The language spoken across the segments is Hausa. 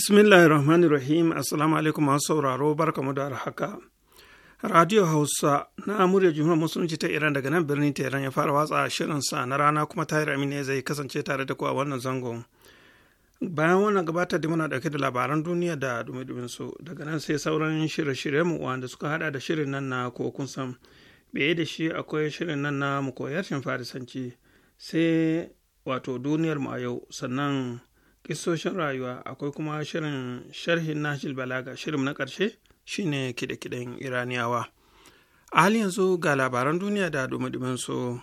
Bismillahirrahmanirrahim. Assalamu alaikum masu sauraro barkamu da haka. Radio Hausa na murya Jumhuriyar Musulunci ta Iran daga nan birnin iran ya fara watsa shirinsa na rana kuma Tahir Aminu zai kasance tare da ku a wannan zangon. Bayan wannan gabatar da muna dauke da labaran duniya da dumi su daga nan sai sauran shirye-shiryen mu wanda suka hada da shirin nan na kokun sam. Beye da shi akwai shirin nan na mu koyar farisanci sai wato duniyar mu a yau sannan kisoshin rayuwa akwai kuma shirin sharhin nashil balaga shirin na ƙarshe shine kide-kiden iraniyawa a hali yanzu ga labaran duniya da dumadumin su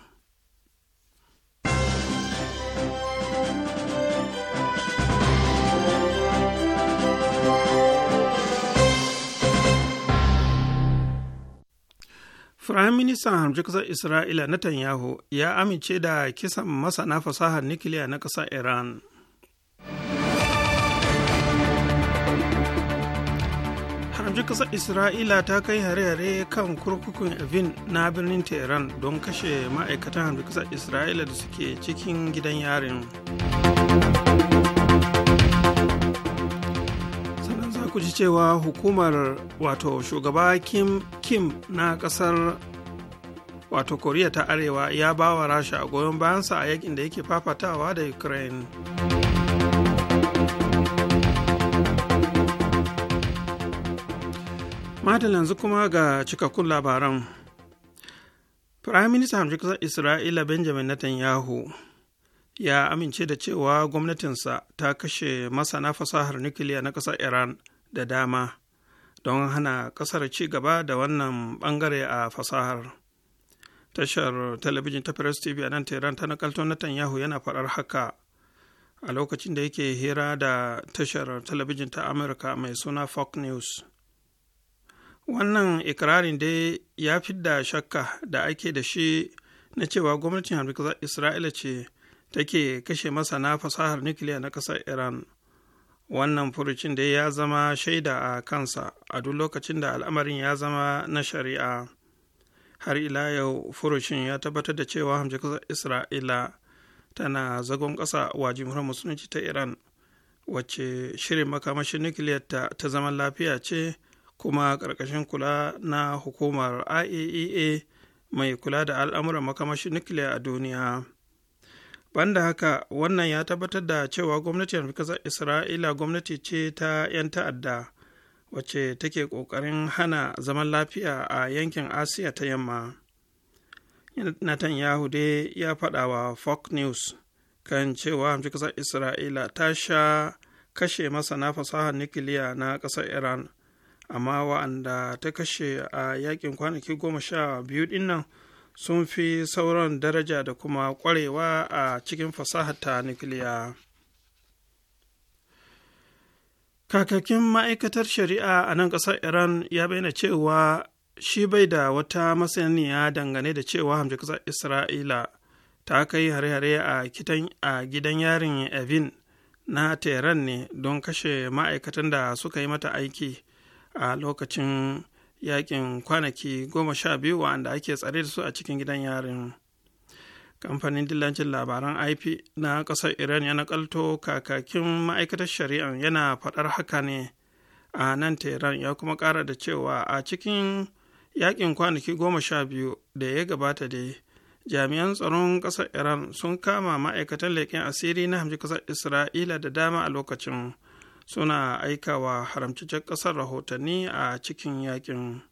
Firaministan Hamshin kasar Isra'ila Netanyahu ya amince da kisan masana fasahar nikiliya na ƙasar Iran. soji ƙasar isra'ila ta kai hare-hare kan kurkukun evin na birnin tehran don kashe ma'aikatan hannun kasar isra'ila da suke cikin gidan yarin sannan za ku ji cewa hukumar wato shugaba kim kim na ƙasar wato koriya ta arewa ya ba wa rasha goyon bayansa a yakin da yake fafatawa da ukraine Madal yanzu kuma ga cikakkun labaran. Firayim Minista Kasar Isra'ila Benjamin Netanyahu ya amince da cewa gwamnatinsa ta kashe masana fasahar nukiliya na kasar Iran da dama don hana ƙasar ci gaba da wannan bangare a fasahar. Tashar talabijin ta Press TV a nan Tehran ta nakalto Netanyahu yana faɗar haka a lokacin da yake hira da tashar talabijin ta Amurka mai suna Fox News. wannan ikirarin dai ya da shakka da ake da shi na cewa gwamnatin harbi isra'ila ce take kashe masana fasahar nukiliya na ƙasar iran wannan furucin dai ya zama shaida a kansa a duk lokacin da al'amarin ya zama na shari'a har ila yau furucin ya tabbatar da cewa hamshe isra'ila tana zagon ƙasa wa jimhuriyar musulunci ta iran wacce shirin makamashin nukiliyar ta zaman lafiya ce kuma ƙarƙashin kula na hukumar iaea e mai kula da al'amuran makamashin nukiliya a duniya banda haka wannan ya tabbatar da cewa gwamnati ƙasar isra'ila gwamnati ce ta 'yan ta'adda wacce take ƙoƙarin hana zaman lafiya a yankin asiya ta yamma netanyahu dai ya faɗa wa fox news kan cewa hamshi ƙasar isra'ila ta sha kashe masana fasahar nukiliya na ƙasar iran amma wa'anda ta kashe a yakin kwanaki goma sha biyu dinnan sun fi sauran daraja da kuma kwarewa a cikin fasahar ta nukiliya kakakin ma'aikatar shari'a a nan ƙasar iran ya bayyana cewa shi bai da wata masaniya dangane da cewa hamji ƙasar isra'ila ta kai hare-hare a gidan yarin evin na tehran ne don kashe ma'aikatan da suka yi mata aiki a lokacin yakin kwanaki goma sha biyu wanda ake tsare da su a cikin gidan yarin kamfanin dillancin labaran ip na ƙasar iran ya kalto kakakin ma'aikatar shari'an yana faɗar haka ne a nan tehran ya kuma ƙara da cewa a cikin yakin kwanaki goma sha biyu da ya gabata da jami'an tsaron ƙasar iran sun kama ma'aikatan leƙen asiri na hamji ƙasar isra'ila da dama a lokacin suna aikawa haramtaccen kasar rahotanni a cikin yakin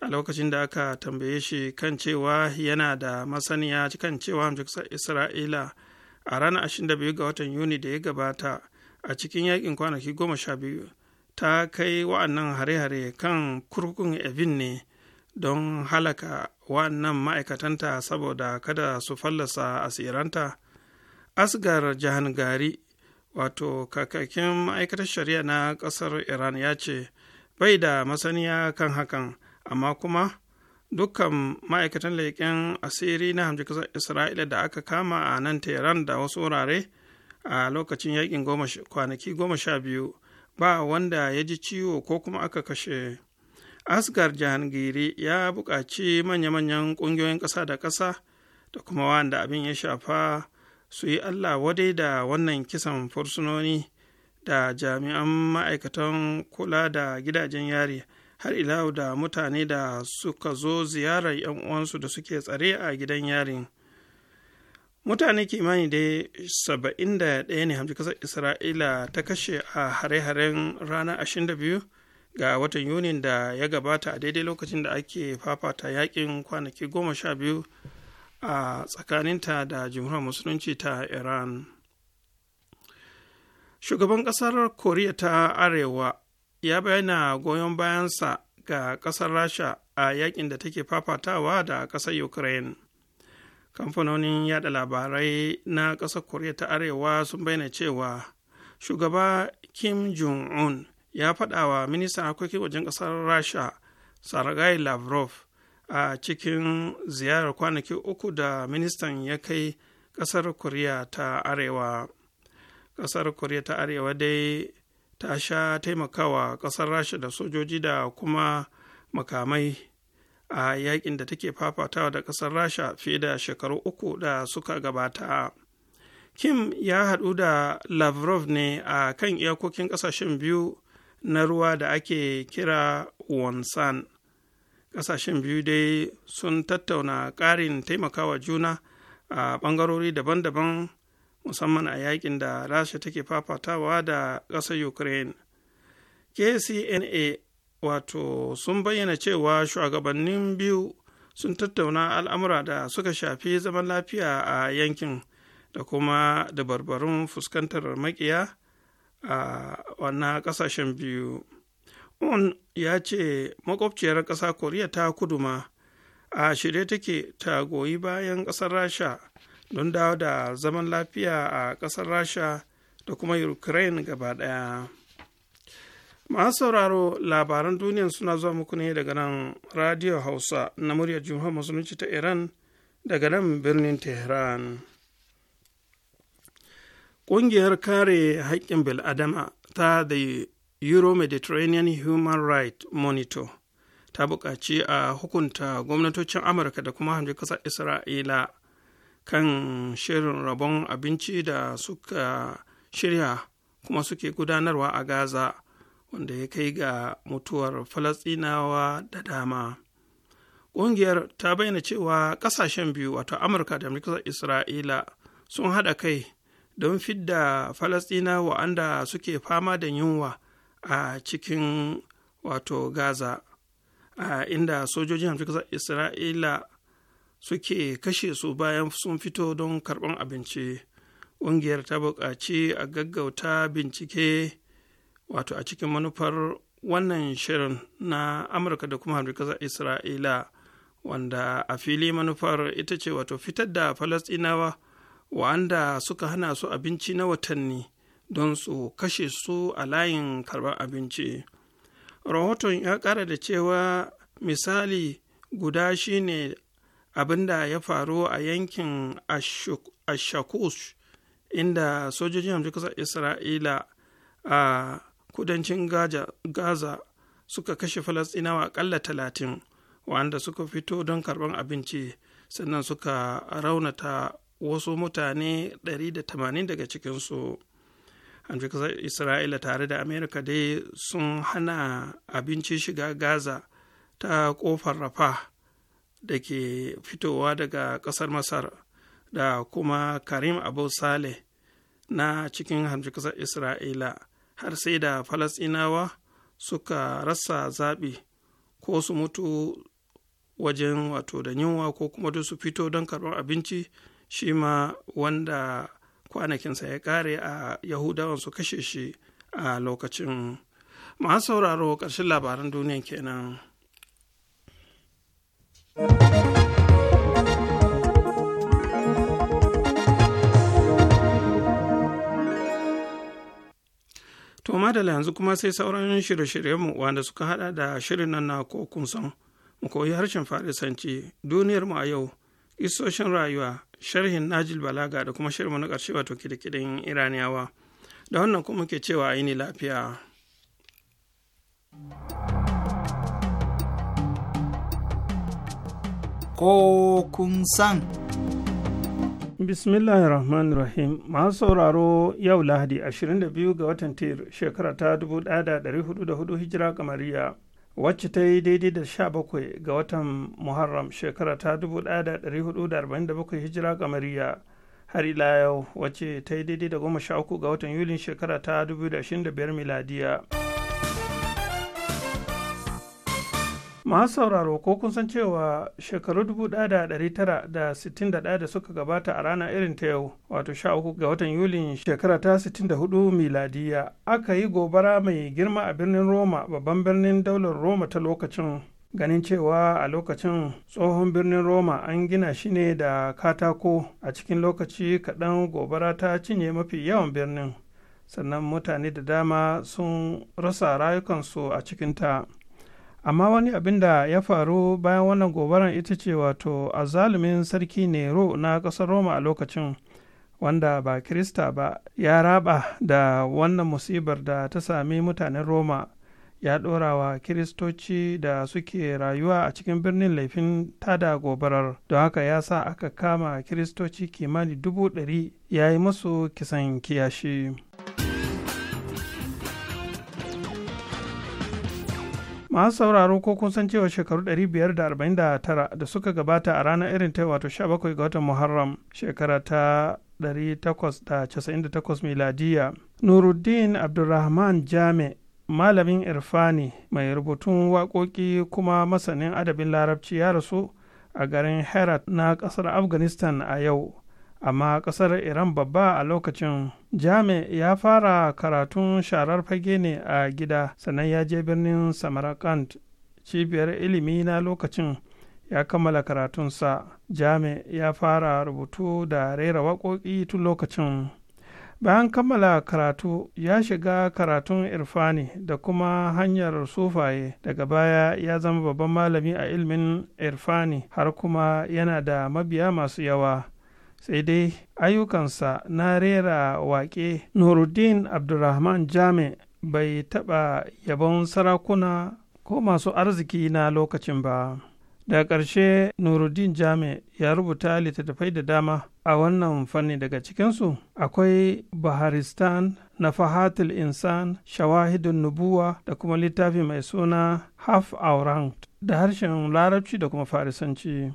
a lokacin da aka tambaye shi kan cewa yana da masaniya kan cewa hamjiksar isra'ila a ranar 22 ga watan yuni da ya gabata a cikin yakin kwanaki goma sha ta kai wa'annan hare-hare kan kurkukun evin ne don halaka wa'annan ma'aikatanta saboda kada su fallasa asiranta asgar jahangari wato kakakin ma'aikatar shari'a na ƙasar iran ya ce bai da masaniya kan hakan amma kuma dukkan ma'aikatan leƙen asiri na hamji ƙasar isra'ila da aka kama a nan tehran da wasu wurare a lokacin yakin kwanaki goma sha biyu ba wanda ya ji ciwo ko kuma aka kashe asgar jahangiri ya buƙaci manya-manyan ƙungiyoyin ƙasa da ƙasa da kuma wanda abin ya shafa su yi allah wadai da wannan kisan fursunoni da jami'an ma'aikatan kula da gidajen yari har ila da mutane da suka zo ziyarar 'yan uwansu da suke tsare a gidan yarin mutane kimanin dai saba'in da ɗaya ne hamsin ƙasar isra'ila ta kashe a hare-haren ranar 22 ga watan yunin da ya gabata a daidai lokacin da ake fafata yakin kwanaki goma sha biyu a tsakaninta da jimhuriyar musulunci ta iran shugaban ƙasar koriya ta arewa ya bayyana goyon bayansa ga ƙasar rasha a yakin da take fafatawa da ƙasar ukraine kamfanonin yada labarai na ƙasar koriya ta arewa sun bayyana cewa shugaba kim jong-un ya faɗa wa ministan harkokin wajen ƙasar rasha saragai lavrov a cikin ziyarar kwanaki uku da ministan ya kai ƙasar koriya ta arewa ƙasar koriya ta arewa dai ta sha taimakawa ƙasar rasha da sojoji da kuma makamai a yakin da take fafatawa da ƙasar rasha fiye da shekaru uku da suka gabata kim ya haɗu da lavrov ne a kan iyakokin ƙasashen biyu na ruwa da ake kira wonsan kasashen biyu dai sun tattauna ƙarin taimakawa juna a ɓangarori daban-daban musamman a yakin da rasha take fafatawa da ƙasar ukraine kcna wato sun bayyana cewa shugabannin biyu sun tattauna al'amura da suka shafi zaman lafiya a yankin da kuma dabarbarun fuskantar makiya a wannan kasashen biyu moon ya ce makwabciyar ƙasa koriya ta kudu ma a shirye take ta goyi bayan ƙasar rasha don dawo da zaman lafiya a ƙasar rasha da kuma ukraine gaba ɗaya masu sauraro labaran duniya suna zuwa muku ne daga nan radio hausa na muryar jihar musulunci ta iran daga nan birnin tehran ƙungiyar kare haƙƙin bil'adama ta da euro-mediterranean human rights monitor ta buƙaci a hukunta gwamnatocin amurka da kuma hamshin ƙasar isra'ila kan shirin rabon abinci da suka shirya kuma suke gudanarwa a gaza wanda ya kai ga mutuwar falasɗinawa da dama ƙungiyar ta bayyana cewa ƙasashen biyu wato amurka da amurka isra'ila sun haɗa kai don fidda falasɗinawa wa'anda suke fama da yunwa a cikin wato gaza a inda sojojin Kasar isra'ila suke kashe su bayan sun fito don karɓar abinci ƙungiyar ta buƙaci a gaggauta bincike wato a cikin manufar wannan shirin na amurka da kuma Kasar isra'ila wanda a fili manufar ita ce wato fitar da falasɗinawa wa'anda suka hana su abinci na watanni don su kashe su a layin karɓar abinci rahoton ya ƙara da cewa misali guda shine abin da ya faru a yankin ashakush inda sojojin hamsin isra'ila a kudancin gaza suka kashe falastinawa akalla talatin wanda suka fito don karban abinci sannan suka raunata wasu mutane 180 daga cikinsu hamshe kasar isra'ila tare da amerika dai sun hana abinci shiga gaza ta kofar rafa da ke fitowa daga kasar masar da kuma karim abu saleh na cikin hamshe kasar isra'ila har sai da falasinawa suka rasa zaɓi ko su mutu wajen wato da yunwa ko kuma su fito don karɓar abinci shi ma wanda kwanakinsa ya kare a yahudawan su kashe shi a lokacin masu sauraro ƙarshen labaran duniyan kenan. To madala yanzu kuma sai sauran shirye-shiryenmu wanda suka hada da shirin nan na ko san mu koyi harshen Farisanci duniyar mu a yau isoshin rayuwa sharhin najil balaga da kuma shirin na ƙarshe wato kidikidin iraniyawa da wannan kuma ke cewa a ne lafiya ko kun san bismillahir rahmanir rahim masu sauraro yau lahadi 22 ga watan tir shekara ta 1404 hijira kamariya wacce ta yi daidai da sha bakwai ga watan muharram shekara ta dubu da da da arba'in bakwai hijira kamariya har ila yau wacce ta yi daidai da sha uku ga watan yulin shekara ta dubu da biyar miladiya. masu sauraro ko kun san cewa shekaru 1961 da suka gabata a rana irin ta yau wato 13 ga watan yulin shekara ta 64 miladiya aka yi gobara mai girma a birnin roma babban birnin daular roma ta lokacin ganin cewa a lokacin tsohon birnin roma an gina shi ne da katako a cikin lokaci kaɗan gobara ta cinye mafi yawan birnin sannan mutane da dama sun rasa rayukansu a cikin ta. amma wani abin da ya faru bayan wannan gobaran ita ce wato a zalumin sarki nero na ƙasar roma a lokacin wanda ba kirista ba ya raba da wannan musibar da ta sami mutanen roma ya ɗora wa kiristoci da suke rayuwa a cikin birnin laifin tada gobarar don haka ya sa aka kama kiristoci kimanin dubu ɗari ya yi musu kisan kiyashi masu sauraro ko kun san cewa shekaru 549 da suka gabata a ranar irin ta wato 17 ga watan Muharram shekara ta 898 miladiya. Nuruddin Abdulrahman jami malamin Irfani mai rubutun waƙoƙi kuma masanin adabin larabci ya rasu a garin Herat na ƙasar Afghanistan a yau. amma ƙasar iran babba a lokacin jami ya fara karatun sharar fage ne a gida sannan ya je birnin samarkand cibiyar ilimi na lokacin ya kammala karatunsa jami ya fara rubutu da rera waƙoƙi tun lokacin bayan kammala karatu ya shiga karatun irfani da kuma hanyar sufaye daga baya ya zama babban malami a ilimin irfani har kuma yana da mabiya masu yawa sai dai ayyukansa na rera waƙe nuruddin abdulrahman jami bai taɓa yabon sarakuna ko masu arziki na lokacin ba da ƙarshe nuruddin jami ya rubuta littattafai da dama a wannan fanni daga cikinsu akwai baharistan na fahatul insan shawahidun nubuwa da kuma littafi mai suna half around da harshen larabci da kuma farisanci.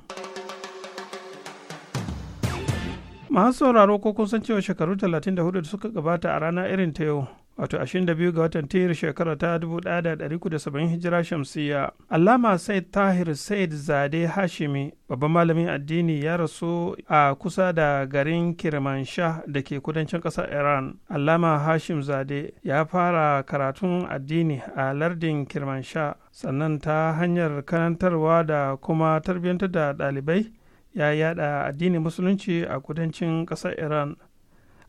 masu sauraro ko kun san cewa shekaru 34 da suka gabata a rana irin ta yau wato 22 ga watan tiyar shekara ta 1970 hijira shamsiya Alama said tahir said zade hashimi babban malamin addini ya rasu a kusa da garin kirmansha da ke kudancin ƙasar iran Alama hashim zade ya fara karatun addini a lardin kirmansha sannan ta hanyar kanantarwa da kuma tarbiyyantar da ɗalibai ya yada addinin musulunci a kudancin kasar iran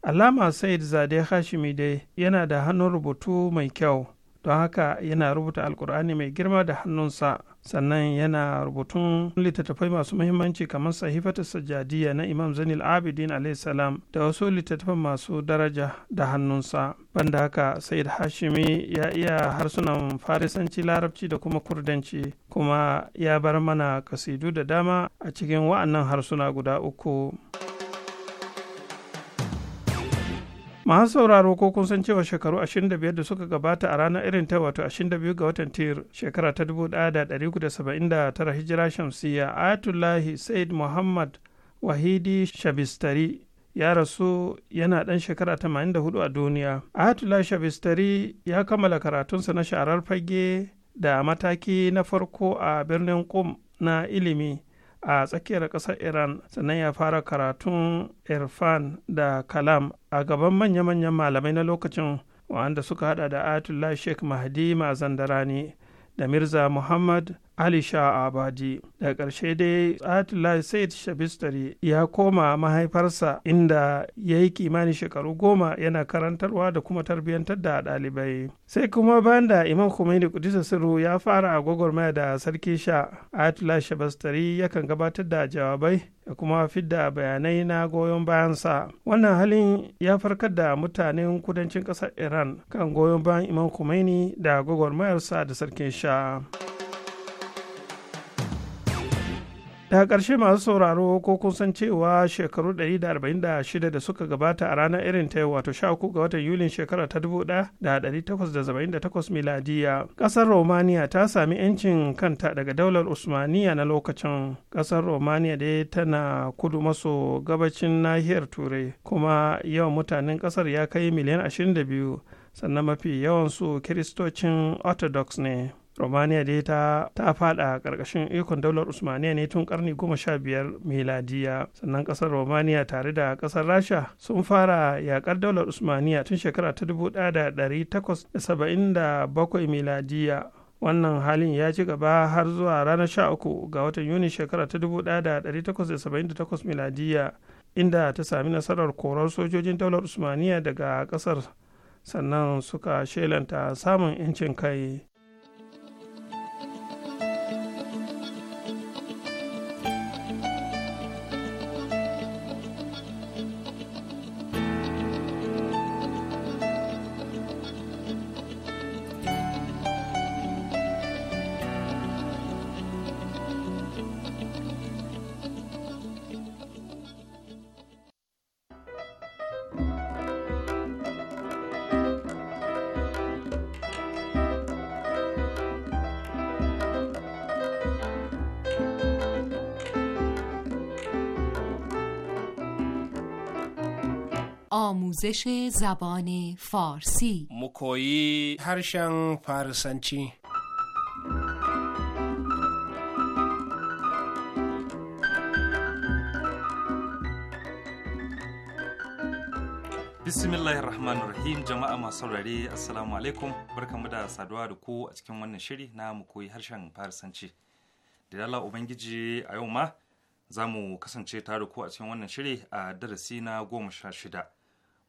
alama said zade hashimi dai yana da hannun rubutu mai kyau don haka yana rubuta alkur'ani mai girma da hannunsa sannan yana rubutun littattafai masu muhimmanci kamar sahifatu sajjadiya na imam zanil abidin salam da wasu littattafan masu daraja da hannunsa banda haka said hashimi ya iya harsunan farisanci larabci da kuma kurdanci kuma ya bar mana kasidu da dama a cikin wa'annan harsuna guda uku. masu sauraro ko kun san cewa shekaru 25 da suka gabata a ranar irin ta wato 22 ga watan tir shekara ta 1979 hijira shamsiya ayatullahi said muhammad wahidi shabistari ya rasu yana ɗan shekara 84 a duniya ayatullahi shabistari ya kammala karatunsa na sharar fage da mataki na farko a birnin kum na ilimi a tsakiyar ƙasar iran sannan ya fara karatun irfan da kalam a gaban manya-manyan malamai na lokacin wa'anda suka hada da ayatollah sheikh mahdi mazandarani da mirza muhammad Ali sha Abadi. Da ƙarshe dai Ayatollah Said Shabistari ya koma mahaifarsa inda ya yi kimanin shekaru goma yana karantarwa da kuma tarbiyyantar da ɗalibai. Sai kuma bayan da Imam Khomeini Kudisa Sirru ya fara a gwagwarmaya da Sarki Sha Ayatollah Shabistari yakan gabatar da jawabai da kuma fidda bayanai na goyon bayansa. Wannan halin ya farkar da mutanen kudancin ƙasar Iran kan goyon bayan Imam Khomeini da gwagwarmayarsa da Sarkin Sha. da ƙarshe masu sauraro ko kun san cewa shekaru 146 da suka gabata a ranar irin ta wato 13 ga watan yulin shekara ta 1878 miladiya ƙasar romania ta sami 'yancin kanta daga daular usmaniya na lokacin ƙasar romania dai tana kudu maso gabacin nahiyar turai kuma yawan mutanen ƙasar ya kai miliyan 22 sannan mafi yawansu kiristocin orthodox ne romania dai ta ta fada karkashin ikon daular usmaniya ne tun karni goma sha biyar miladiya sannan kasar romania tare da kasar rasha sun fara yakar daular usmaniya tun shekara ta dubu da dari takwas da saba'in da bakwai miladiya wannan halin ya ci gaba har zuwa ranar sha ga watan yuni shekara ta dubu da dari takwas da saba'in da takwas miladiya inda ta sami nasarar korar sojojin daular usmaniya daga kasar sannan suka shelanta samun 'yancin kai آموزش زبان فارسی مکویی هرشن فارسنچی bismillahir rahim jama'a masu saurare assalamu alaikum barkamu da saduwa da ku a cikin wannan shiri na mu koyi harshen farisanci da dala ubangiji a yau ma za mu kasance tare ku a cikin wannan shiri a darasi na goma sha shida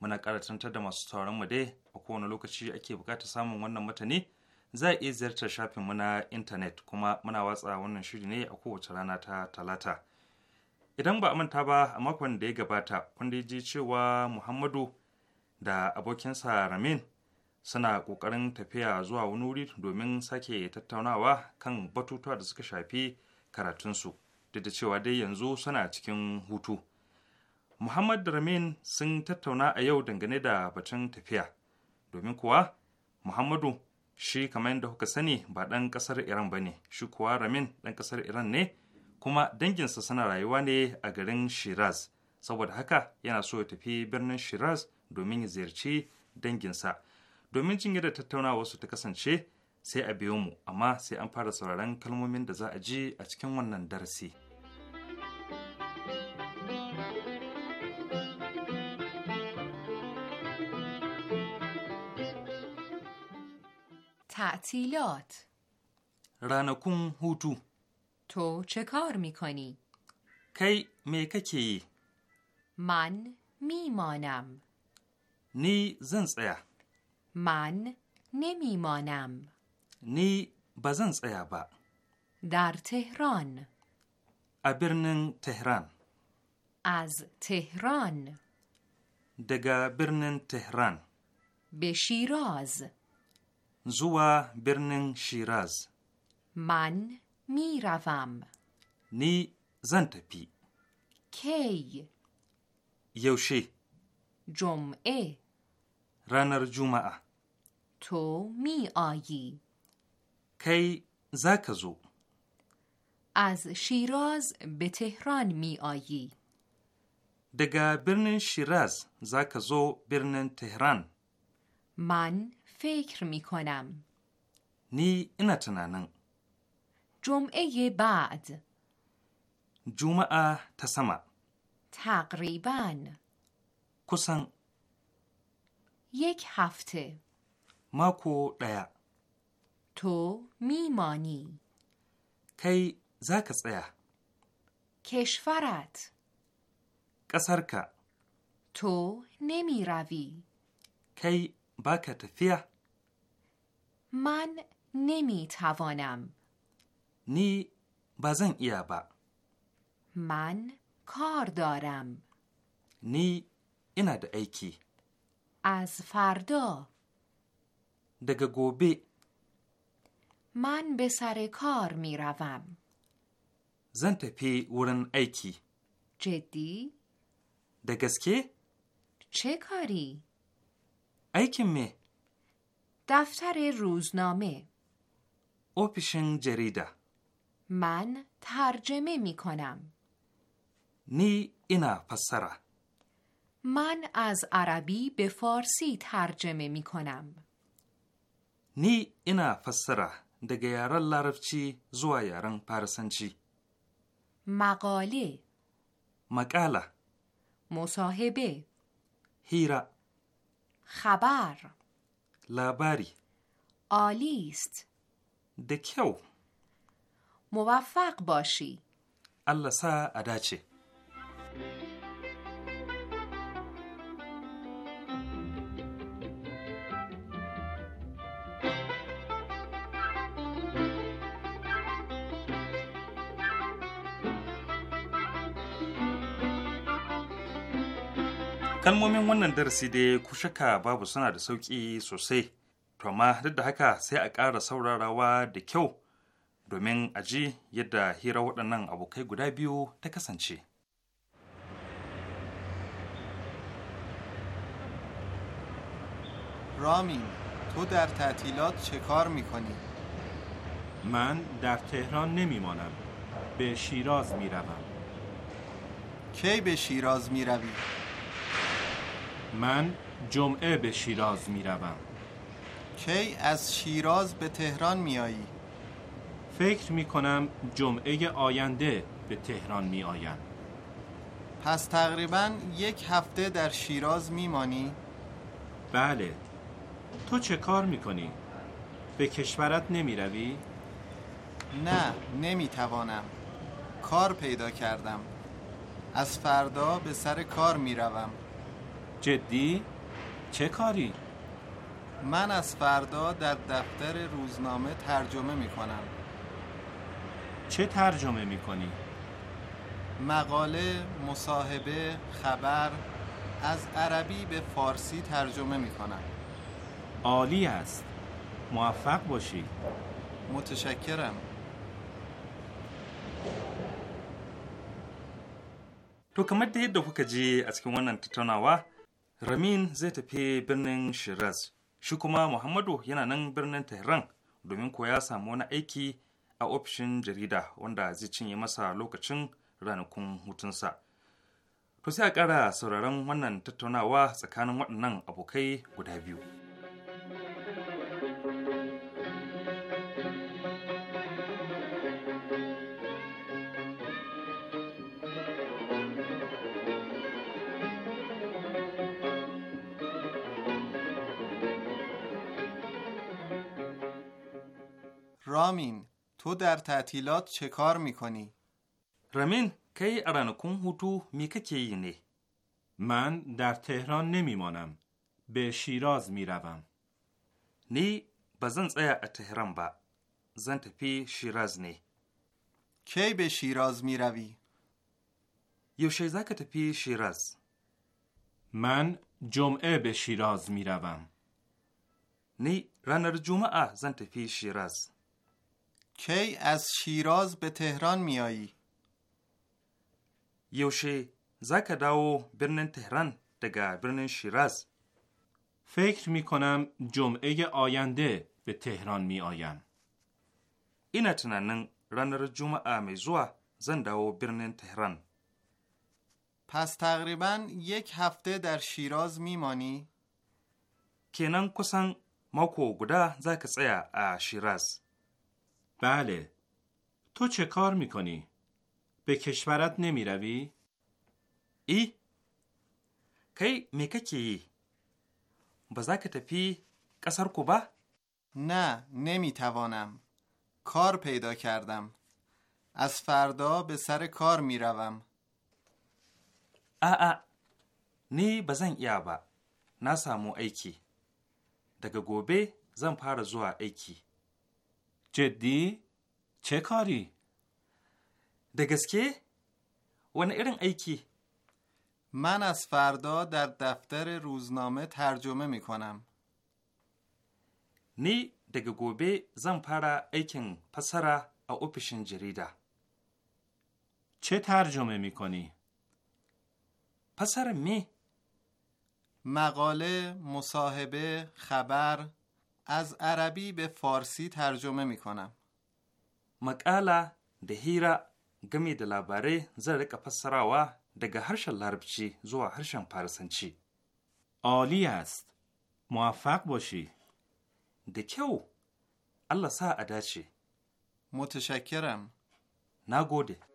muna ƙara da masu sauran mu dai a kowane lokaci ake buƙatar samun wannan mutane za a iya ziyartar shafin mu na intanet kuma muna watsa wannan shiri ne a kowace rana ta talata idan ba a manta ba a makon da ya gabata kun da ji cewa muhammadu da abokinsa ramin suna ƙoƙarin tafiya zuwa wani wuri domin sake tattaunawa kan batutuwa da suka shafi karatunsu duk da cewa dai yanzu suna cikin hutu Muhammad da Ramin sun tattauna a yau dangane da batun tafiya. Domin kuwa, Muhammadu shi kamar yadda kuka sani ba ɗan ƙasar Iran ba ne, shi kuwa Ramin ɗan ƙasar Iran ne, kuma danginsa suna rayuwa ne a garin Shiraz. Saboda haka yana so ya tafi birnin Shiraz domin ya ziyarci danginsa. Domin jin da tattaunawa su ta kasance sai a biyo mu, amma sai an fara sauraron kalmomin da za a ji a cikin wannan darasi. تعطیلات رانکون هوتو تو چه کار میکنی؟ کی میکه من میمانم نی زن ایا من نمیمانم نی بزن ایا با در تهران ابرنن تهران از تهران دگا برنن تهران به شیراز زوا برنن شیراز من میروم نی زن پی. کی یوشی جمعه رانر جمعه تو می آیی کی زکزو از شیراز به تهران می آیی دگه برنن شیراز زکزو برنن تهران من فکر می کنم نی اینا تنانن جمعه بعد جمعه تسمه تقریبا کسن یک هفته ماکو دیا تو میمانی کی زاک تسیا کشورت قصرکا تو نمی روی کی باکا تفیه من نمی توانم نی بزن ایا من کار دارم نی اینا ایکی از فردا دگه گوبه من به سر کار می روم زن پی ورن ایکی جدی؟ دگسکه؟ چه کاری؟ ایکی می دفتر روزنامه اوپیشن جریده من ترجمه می کنم نی اینا پسره من از عربی به فارسی ترجمه می کنم نی اینا پسره دگه لرفچی زوا یارن پرسنچی مقاله مقاله مصاحبه هیره خبر لاباری است دکیو موفق باشی الله سا اداچه kalmomin wannan darasi dai ku shaka babu suna da sauƙi sosai toma amma duk da haka sai a ƙara saurarawa da kyau domin a ji yadda hira waɗannan abokai guda biyu ta kasance رامین تو در تعطیلات چه کار میکنی؟ من در تهران نمیمانم به شیراز میروم کی به شیراز میروی؟ من جمعه به شیراز می روم کی از شیراز به تهران می آیی؟ فکر می کنم جمعه آینده به تهران می آیم پس تقریبا یک هفته در شیراز می مانی؟ بله تو چه کار می کنی؟ به کشورت نمی روی؟ نه نمی توانم کار پیدا کردم از فردا به سر کار می روم جدی؟ چه کاری؟ من از فردا در دفتر روزنامه ترجمه می کنم چه ترجمه می کنی؟ مقاله، مصاحبه، خبر از عربی به فارسی ترجمه می کنم عالی است موفق باشی متشکرم تو kamar دید از kuka از Ramin zai tafi birnin Shiraz, shi kuma Muhammadu yana nan birnin Tehran domin ko ya samu wani aiki a ofishin jarida wanda zai cinye masa lokacin ranakun hutunsa. To sai a ƙara sauraron wannan tattaunawa tsakanin waɗannan abokai guda biyu. رامین تو در تعطیلات چه کار میکنی؟ رامین کی ارانکون هوتو میکه نه من در تهران نمیمانم به شیراز میروم نی بزن تسیا تهران با زن تپی شیراز نی کی به شیراز میروی؟ یو شیزا تپی شیراز من جمعه به شیراز میروم نی رانر جمعه زن تپی شیراز کی از شیراز به تهران میایی؟ یوشی، زک داو برنن تهران دگا برنن شیراز فکر می کنم جمعه آینده به تهران می آیم. اینا تننن رنر جمعه می زنداو زن برنن تهران. پس تقریبا یک هفته در شیراز میمانی؟ نن کسان ماکو گدا زکا ایا شیراز. بله تو چه کار میکنی؟ به کشورت نمیروی؟ ای؟ کی میکه چی؟ بزاک تپی کسر کوبا؟ نه نمیتوانم کار پیدا کردم از فردا به سر کار میروم آ نی بزن یا با نسامو ایکی ایکی. دگه گوبه زن پر ایکی ایکی. جدی؟ چه کاری؟ که؟ ون ایرن ای کی من از فردا در دفتر روزنامه ترجمه می کنم نی دگه گوبه زن پارا ایکن پسرا ا اوپیشن جریدا چه ترجمه می کنی؟ پسر می مقاله، مصاحبه، خبر، از عربی به فارسی ترجمه می کنم. مقاله ده هیرا گمی ده لاباره زرک پسراوا دگه هرش لربچی زوا هرشن پارسنچی. عالی است. موفق باشی. ده کیو. الله سا اداچی. متشکرم. نگوده.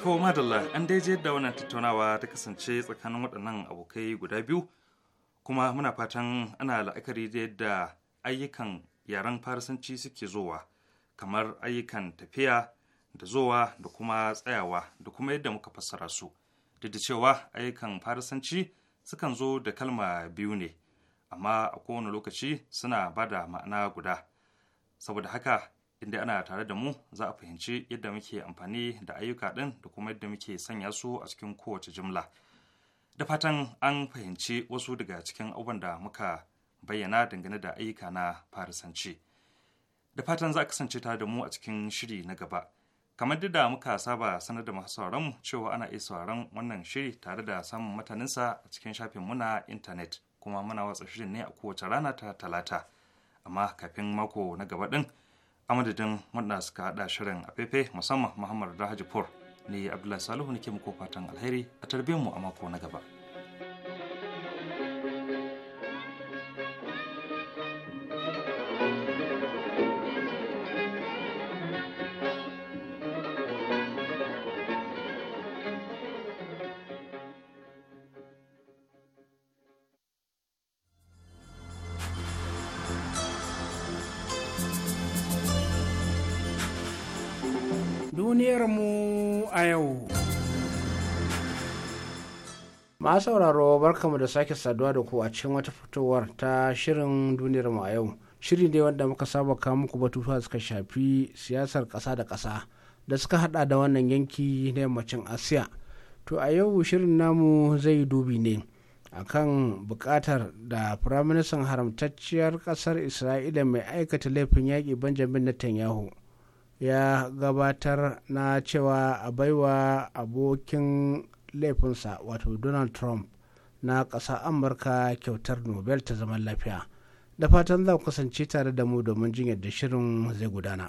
To madalla an dai je da wannan tattaunawa ta kasance tsakanin waɗannan abokai guda biyu kuma muna fatan ana la'akari da yadda ayyukan yaren farisanci suke zowa kamar ayyukan tafiya da zowa da kuma tsayawa da kuma yadda muka fassara su duk da cewa ayyukan farisanci sukan zo da kalma biyu ne amma a kowane lokaci suna ba da ma'ana guda saboda haka inda ana tare da mu za a fahimci yadda muke amfani da ayyuka ɗin da kuma yadda muke sanya su a cikin kowace jimla da fatan an fahimci wasu daga cikin abubuwan da muka bayyana dangane da ayyuka na farisanci da fatan za a kasance tare da mu a cikin shiri na gaba kamar duk da muka saba sanar da masu sauran cewa ana iya sauran wannan shiri tare da samun mutaninsa a cikin shafin mu na intanet kuma muna watsa shirin ne a kowace rana ta talata amma kafin mako na gaba ɗin a madadin wanda suka hada shirin a fefe musamman muhammad rahaji ne abdullahi salihu nake muku fatan alheri a tarbe mu a mako na gaba. ma sauraro barkamu da sake saduwa da ku a cikin wata fitowar ta shirin duniyar mu a yau shiri ne wanda muka saba kawo muku batutuwa suka shafi siyasar ƙasa da ƙasa da suka hada da wannan yanki na yammacin asiya to a yau shirin namu zai dubi ne akan bukatar da firaministan haramtacciyar kasar isra'ila mai aikata laifin yaƙi benjamin netanyahu ya gabatar na cewa a baiwa abokin laifinsa wato donald trump na ƙasa amurka kyautar nobel ta zaman lafiya da fatan za ku kasance tare da mu domin jin yadda shirin zai gudana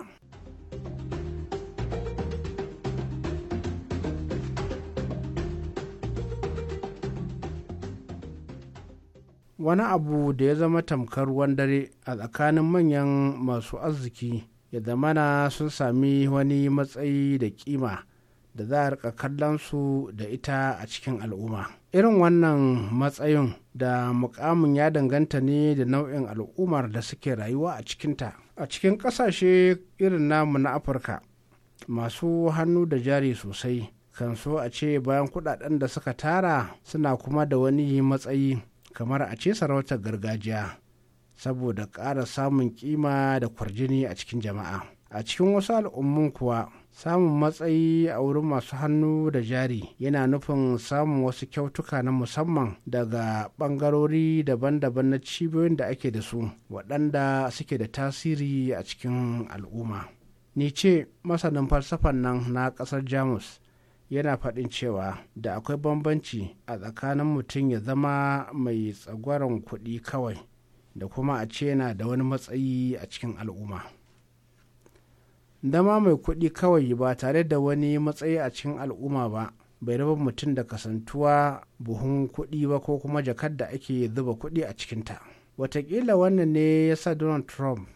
wani abu da ya zama tamkar ruwan dare a tsakanin manyan masu arziki ya zamana sun sami wani matsayi da kima da za a rika kallon su da ita a cikin al'umma irin wannan matsayin da mukamin ya danganta ne da nau'in al'ummar da suke rayuwa a cikinta a cikin ƙasashe irin namu na afirka masu hannu da jari sosai kan so a ce bayan kudaden da suka tara suna kuma da wani matsayi kamar a ce sarautar gargajiya saboda ƙara samun kima da kwarjini a cikin jama'a a cikin wasu al'ummun kuwa samun matsayi a wurin masu hannu da jari yana nufin samun wasu kyautuka na musamman daga bangarori daban-daban na cibiyoyin da ake da su waɗanda suke da tasiri a cikin al'umma ni ce masanin falsafan nan na ƙasar jamus yana faɗin cewa da akwai bambanci a tsakanin mutum ya zama mai tsagwaron kuɗi kawai da kuma a ce yana da wani matsayi a cikin al'umma. dama mai kuɗi kawai ba tare da wani matsayi a cikin al'umma ba bai raba mutum da kasantuwa buhun kuɗi ba ko kuma jakar da ake zuba kuɗi a cikinta watakila wannan ne ya sa donald trump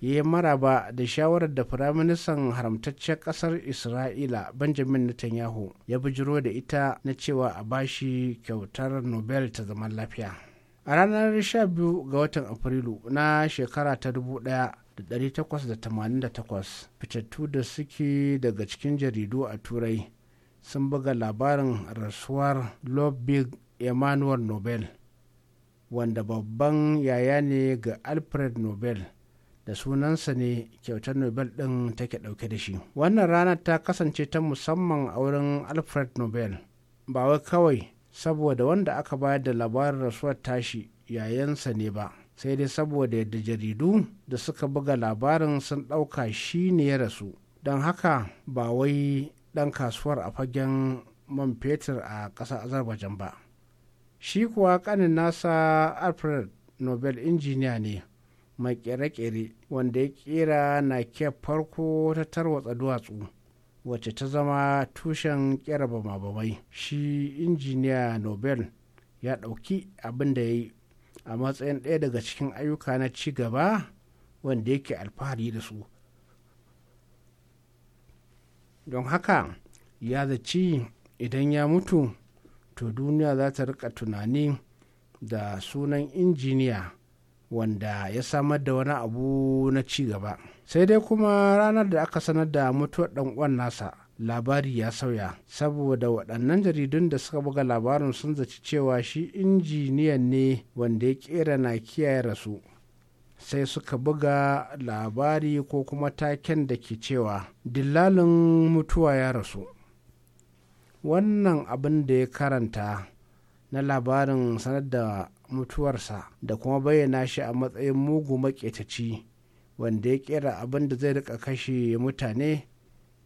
ya yi maraba da shawarar da firaministan haramtaccen ƙasar isra'ila benjamin netanyahu ya bijiro da ita na cewa a bashi kyautar nobel ta zaman lafiya a ranar 12 ga watan afrilu na shekara ta 1900 1888 fitattu da suke daga cikin jaridu a turai sun buga labarin rasuwar lobbig emmanuel nobel wanda babban yaya ne ga alfred nobel da sunansa ne kyautar nobel ɗin take ɗauke da shi wannan rana ta kasance ta musamman a wurin alfred nobel ba wai kawai saboda wanda aka bayar da labarin rasuwar tashi yayansa ne ba sai dai saboda yadda jaridu da suka buga labarin sun ɗauka shi ne ya rasu don haka ba wai ɗan kasuwar a fagen man fetur a ƙasa azerbaijan ba shi kuwa ƙanin nasa alfred nobel injiniya ne mai ƙere-ƙere. wanda ya ƙera na farko ta tarwatsa duwatsu wacce ta zama tushen ƙera ba shi injiniya nobel ya ɗauki abin da ya yi a matsayin ɗaya daga cikin ayyuka na ci gaba wanda yake alfahari da su don haka ya zaci idan ya mutu to duniya za ta rika tunani da sunan injiniya wanda ya samar da wani abu na ci gaba sai dai kuma ranar da aka sanar da mutuwar uwan nasa labari ya sauya saboda waɗannan jaridun da suka buga labarin sun zaci cewa shi injiniyan ne wanda ya kera na kiyaye rasu sai suka buga labari ko kuma taken da ke cewa dillalin mutuwa ya rasu wannan abin da ya karanta na labarin sanar da mutuwarsa da kuma bayyana shi a matsayin mugu maƙetaci wanda ya kera abin da zai rika kashe mutane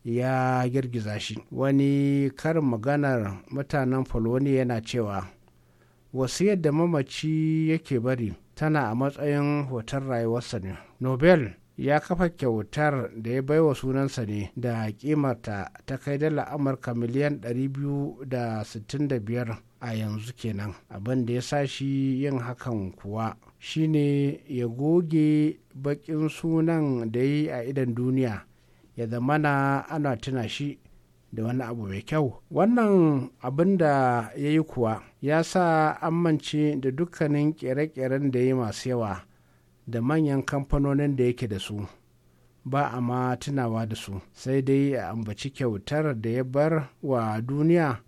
ya girgiza shi wani karin maganar mutanen poloni yana cewa wasu yadda mamaci yake bari tana a matsayin hoton rayuwarsa ne nobel ya kafa kyautar da ya baiwa sunansa ne da kimarta ta kai dala amurka miliyan 265 a yanzu kenan abin da ya sa shi yin hakan kuwa shine ya goge bakin sunan da yi a idan duniya ya zamana ana tuna shi da wani abu mai kyau wannan abin da ya yi kuwa ya sa amince da dukkanin kere-keren da ya yi masu yawa da manyan kamfanonin da yake da su ba a ma tunawa da su sai dai a ambaci kyautar da ya bar wa duniya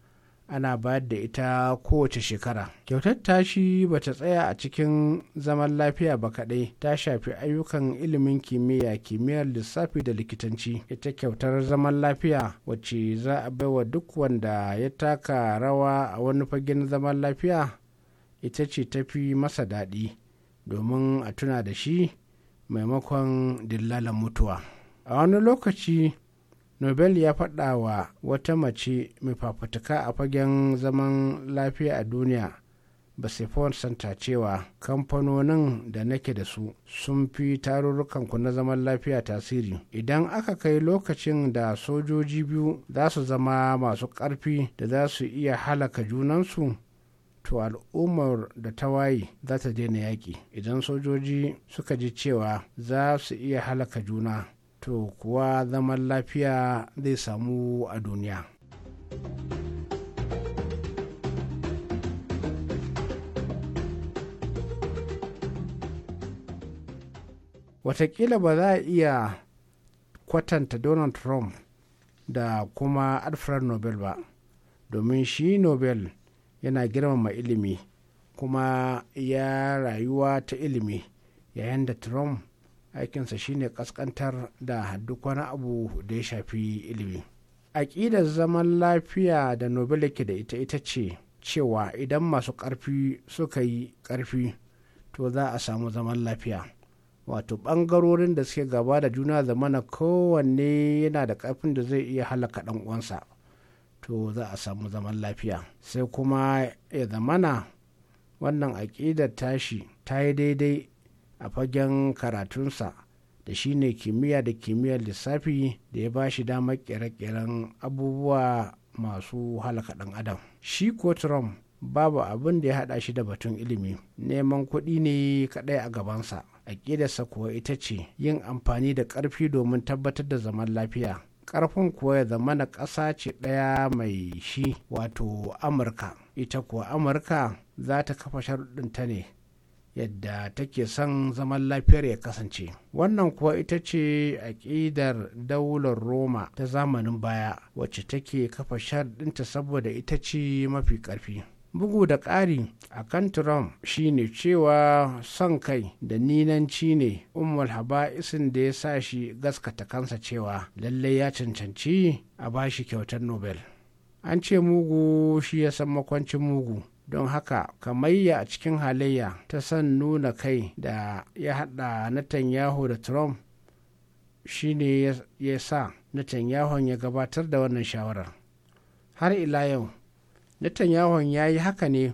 ana bayar da ita kowace shekara. Kyautar tashi ba ta tsaya a cikin zaman lafiya ba kaɗai ta shafi ayyukan ilimin kimiyya kimiyyar lissafi da likitanci. Ita kyautar zaman lafiya wacce za a wa duk wanda ya taka rawa a wani fagen zaman lafiya ita ce tafi masa daɗi domin a tuna da shi maimakon dillalan mutuwa. A wani lokaci nobel ya faɗa wa wata mace mai fafutuka a fagen zaman lafiya a duniya basifon santa cewa kamfanonin da nake da su sun fi tarurrukan ku na zaman lafiya tasiri idan aka kai lokacin da sojoji biyu za su zama masu ƙarfi da za su iya halaka junansu to al'ummar da ta waye za ta daina yaƙi idan sojoji suka ji cewa za su iya halaka juna to kuwa zaman lafiya zai samu a duniya watakila ba za a iya kwatanta donald trump da kuma alfred nobel ba domin shi nobel yana girmama ilimi kuma ya rayuwa ta ilimi yayin da trump aikinsa shine kaskantar da duk wani abu da ya shafi ilimi aƙidar zaman lafiya da nobel da ita ita ce cewa idan masu ƙarfi suka yi ƙarfi to za a samu zaman lafiya wato ɓangarorin da suke gaba da juna zamana kowanne yana da ƙarfin da zai iya halaka ɗan uwansa to za a samu zaman lafiya sai kuma ya zamana wannan aƙidar tashi ta yi daidai a fagen karatunsa da shi ne kimiyya da kimiyyar lissafi da ya ba shi damar kere-keren abubuwa masu halaka ɗan adam shi ko trump babu abin da ya haɗa shi da batun ilimi neman kuɗi ne kaɗai a gabansa aƙidarsa kuwa ita ce yin amfani da ƙarfi domin tabbatar da zaman lafiya ƙarfin kuwa ya zama na ƙasa ce ɗaya mai shi wato amurka ita kuwa amurka za ta kafa sharuɗinta ne yadda take son zaman lafiyar ya kasance wannan kuwa ita ce aƙidar daular roma ta zamanin baya wacce take kafa sharɗinta saboda ita ce mafi ƙarfi bugu da ƙari a kan trump shine cewa son kai da ninanci ne umar haba'isin da ya sa shi gaskata kansa cewa lallai ya cancanci a bashi kyautar nobel an ce mugu shi ya san makwancin mugu don haka kamayya a cikin halayya ta san nuna kai da ya hada Netanyahu da Trump shine ya sa Netanyahu ya gabatar da wannan shawarar. Har ila yau, Netanyahu ya yi haka ne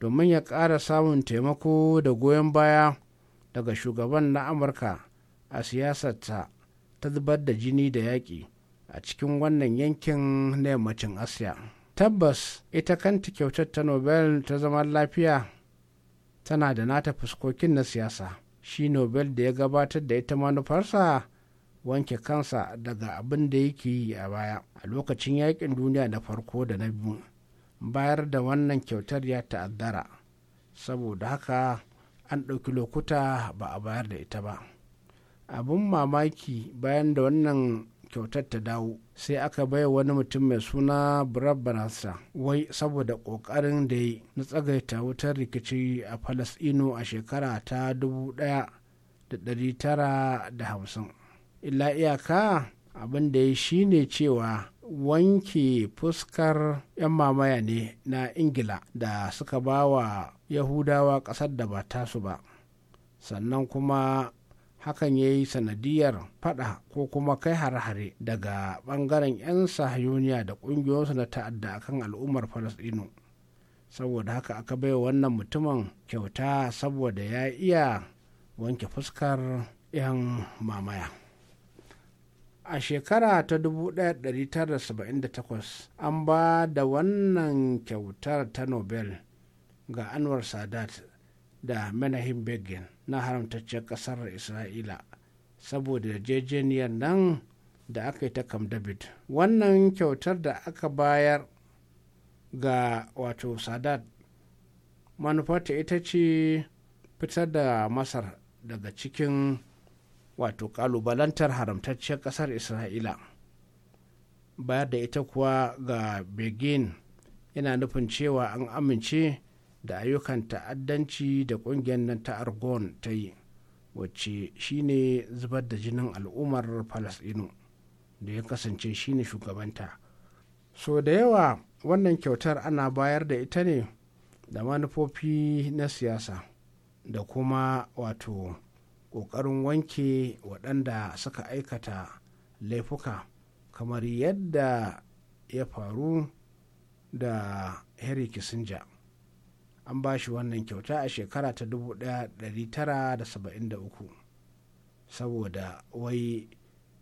domin ya ƙara samun taimako da goyon baya daga shugaban na Amurka a siyasarta ta zubar da jini da yaƙi a cikin wannan yankin na yammacin Asiya. tabbas ita kanta kyautar ta nobel ta zaman lafiya tana da nata fuskokin na siyasa shi nobel da ya gabatar da ita manufarsa wanke kansa daga abin da yake yi a baya a lokacin yakin duniya na farko da na biyu bayar da wannan kyautar ya ta'addara saboda haka an ɗauki lokuta ba a bayar da ita ba abin mamaki bayan da wannan kyautar ta dawo sai aka bai wani mutum mai suna barabbarasa wai saboda ƙoƙarin da yi na tsagaita wutar rikici a falasɗinu a shekara ta 1950 illa iyaka abin da ya shi ne cewa wanke fuskar 'yan mamaya ne na ingila da suka ba wa yahudawa ƙasar da ba tasu ba sannan kuma hakan ya yi sanadiyar fada ko kuma kai hare-hare daga bangaren 'yan sahayuniya da ƙungiyoyinsu na ta'adda akan al'ummar falasɗinu saboda haka aka bai wannan mutumin kyauta saboda ya iya wanke fuskar 'yan mamaya a shekara ta 1978 an ba da wannan kyautar ta nobel ga anwar sadat da menahim begin na haramtacciyar ƙasar isra'ila saboda yarjejeniyar nan da aka yi ta kam david wannan kyautar da aka bayar ga wato sadat manufarta ita ce fitar da masar daga cikin wato kalubalantar haramtacciyar ƙasar isra'ila bayar da ita kuwa ga begin yana nufin cewa an amince da ayyukan ta'addanci da ƙungiyar nan ta argon ta yi wacce shine zubar da jinin al'ummar falasɗinu da ya kasance shine shugabanta so da yawa wannan kyautar ana bayar da ita ne da manufofi na siyasa da kuma wato ƙoƙarin wanke waɗanda suka aikata laifuka kamar yadda ya faru da harry kissinger an ba shi wannan kyauta a shekara ta 1973 saboda wai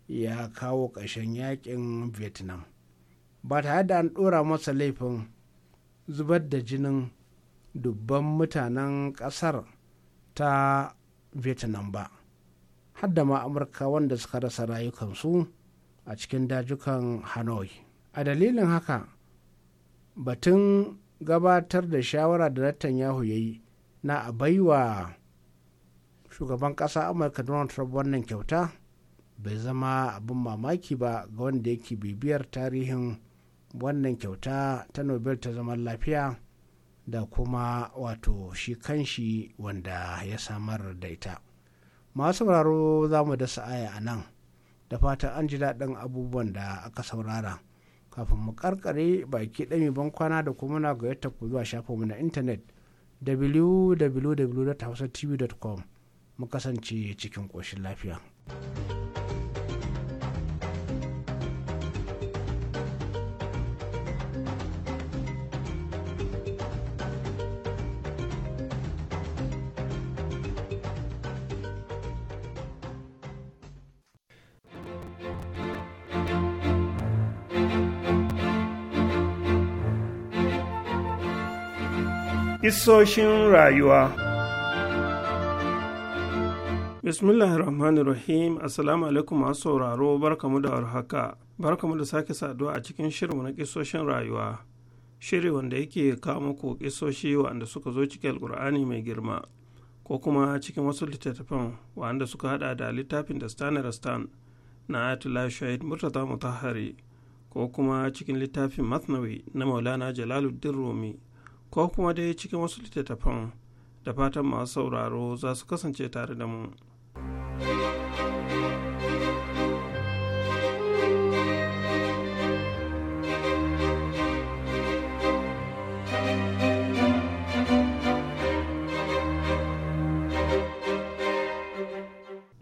ya kawo ƙarshen yakin vietnam ba tare da an ɗora masa laifin zubar da jinin dubban mutanen ƙasar ta vietnam ba har ma amurka wanda suka rasa rayukansu a cikin dajukan hanoi a dalilin haka batun gabatar da shawara da Netanyahu ya yi na a baiwa shugaban ƙasa amurka donald trump wannan kyauta bai zama abin mamaki ba ga wanda yake bibiyar tarihin wannan kyauta ta nobel ta zaman lafiya da kuma wato shi kanshi wanda ya samar da ita masu sauraro za mu da sa'aya a nan da fatan an ji daɗin abubuwan da aka saurara. kafin mu karkare baki ɗami ban kwana da kuma na gayyata ku zuwa shafin mu na intanet www.hausatv.com mu kasance cikin koshin lafiya. Kisoshin rayuwa rahim, Assalamu alaikum masu sauraro barkamu da warhaka barkamu da sake saduwa a cikin shirinmu na kisoshin rayuwa shiri wanda yake kawo muku kisoshi wanda suka zo cikin alkur'ani mai girma ko kuma cikin wasu littattafan wanda suka hada da littafin da stan Rastan na atila shahid murtata mutahari ko kuma cikin littafin masnawi na maulana jalaluddin rumi ko kuma dai cikin wasu littattafan da fatan masu sauraro za su kasance tare da mu.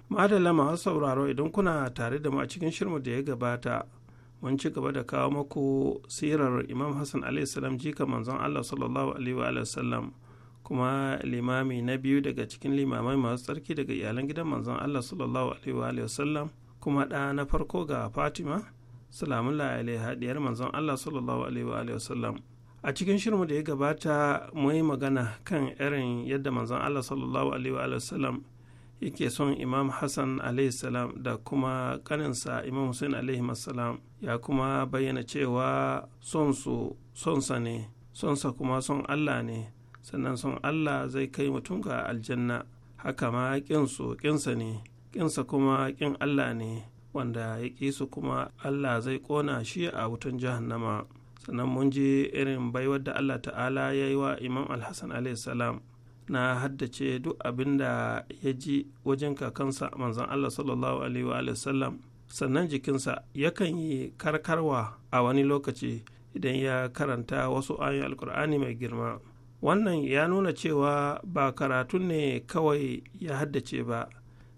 Madalla masu sauraro idan kuna tare da mu a cikin shirmu da ya gabata mun ci gaba da kawo muku sirar imam hassan salam jika manzon allah sallallahu alaihi wa sallam kuma limami na biyu daga cikin limamai masu tsarki daga iyalan gidan manzon allah sallallahu alaihi wa sallam kuma ɗa na farko ga fatima salamun alaiha haɗiyar manzon allah sallallahu alaihi wa sallam a cikin shirinmu da ya gabata mu yi magana kan irin yadda manzon allah sallallahu alaihi wa sallam yake son imam hassan salam da kuma kaninsa imam hussein salam ya kuma bayyana cewa sonsu sonsa ne sonsa kuma son allah ne sannan son allah zai kai mutum ga aljanna haka ma ƙinsu ƙinsa ne kinsa kuma kin allah ne wanda ya ƙi su kuma allah zai ƙona shi a wutan jahannama sannan mun ji irin baiwar da allah ta'ala ya yi wa imam alhassan salam na haddace duk abin da ya ji wajen kakansa manzon Allah sallallahu alaihi wa sannan jikinsa yakan yi karkarwa a wani lokaci idan ya karanta wasu ayoyin alkur'ani mai girma wannan ya nuna cewa ba karatu ne kawai ya haddace ba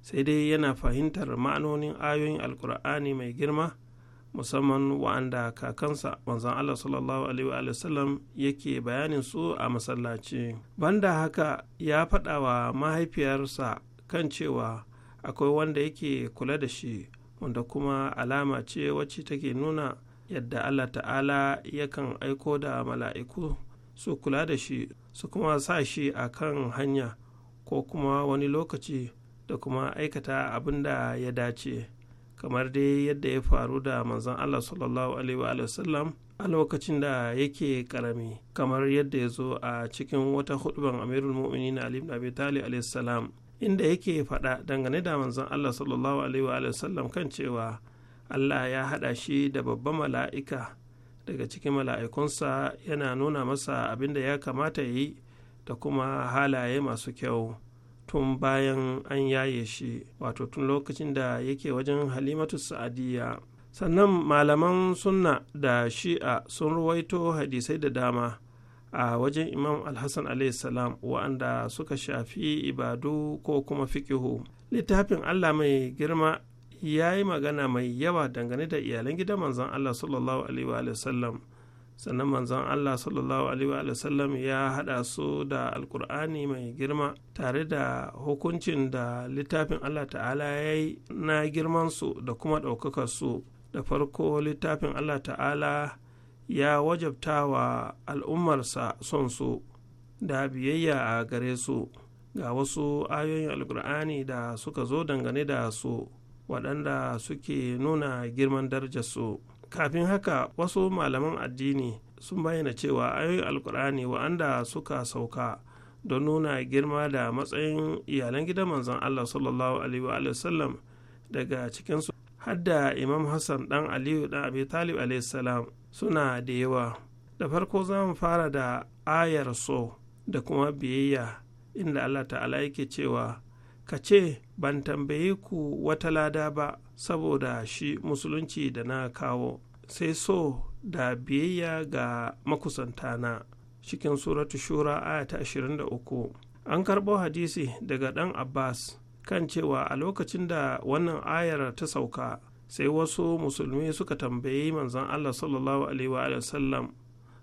sai dai yana fahimtar ma'anonin ayoyin alkur'ani mai girma musamman wa'anda kakansa manzon Allah sallallahu alaihi wasallam yake bayanin su a masallaci banda haka ya faɗa wa mahaifiyarsa kan cewa akwai wanda yake kula da shi wanda kuma alama ce wacce take nuna yadda Allah ta'ala yakan aiko da mala'iku su kula da shi su kuma sa shi a kan hanya ko kuma wani lokaci da kuma aikata abin da ya dace kamar dai yadda ya faru da manzon Allah sallallahu alaihi sallam a lokacin da yake karami kamar yadda ya zo a cikin wata hudban amirul mu'minin ali ibn abi talib alaihi salam inda yake faɗa dangane da manzon Allah sallallahu alaihi sallam kan cewa Allah ya haɗa shi da babban mala'ika daga cikin mala'ikunsa yana nuna masa abin da ya kamata yi da kuma halaye masu kyau tun bayan an yaye shi wato tun lokacin da yake wajen halimatu sa'adiyya sannan malaman sunna da shi'a sun ruwaito hadisai da dama a wajen imam alhassan salam wa'anda suka shafi ibadu ko kuma fikihu littafin allah mai girma ya yi magana mai yawa dangane da iyalan gidan manzon allah sallallahu alaihi wa sallam sannan manzon Allah sallallahu alaihi ya haɗa su da alkur'ani mai girma tare da hukuncin da littafin Allah ta'ala ya yi na su da kuma su da farko littafin Allah ta'ala ya wajabta wa al'ummarsa son su da biyayya a gare su ga wasu ayoyin alkur'ani da suka zo dangane da su waɗanda suke nuna girman darajarsu. su kafin haka wasu malaman addini sun bayyana cewa ayoyin alkur'ani wa'anda suka sauka don nuna girma da matsayin iyalan gidan manzon allah sallallahu alaihi wa sallam daga cikinsu hadda imam hassan dan aliyu da abi talib salam suna da yawa da farko za mu fara da ayar so da kuma biyayya inda allah ta'ala yake cewa ka ce ban tambaye ku wata lada ba saboda shi musulunci da na kawo sai so da biyayya ga makusantana cikin suratu shura aya ta 23 an karɓo hadisi daga ɗan abbas kan cewa a lokacin da wannan ayar ta sauka sai wasu musulmi suka tambayi manzon allah sallallahu alaihi wa sallam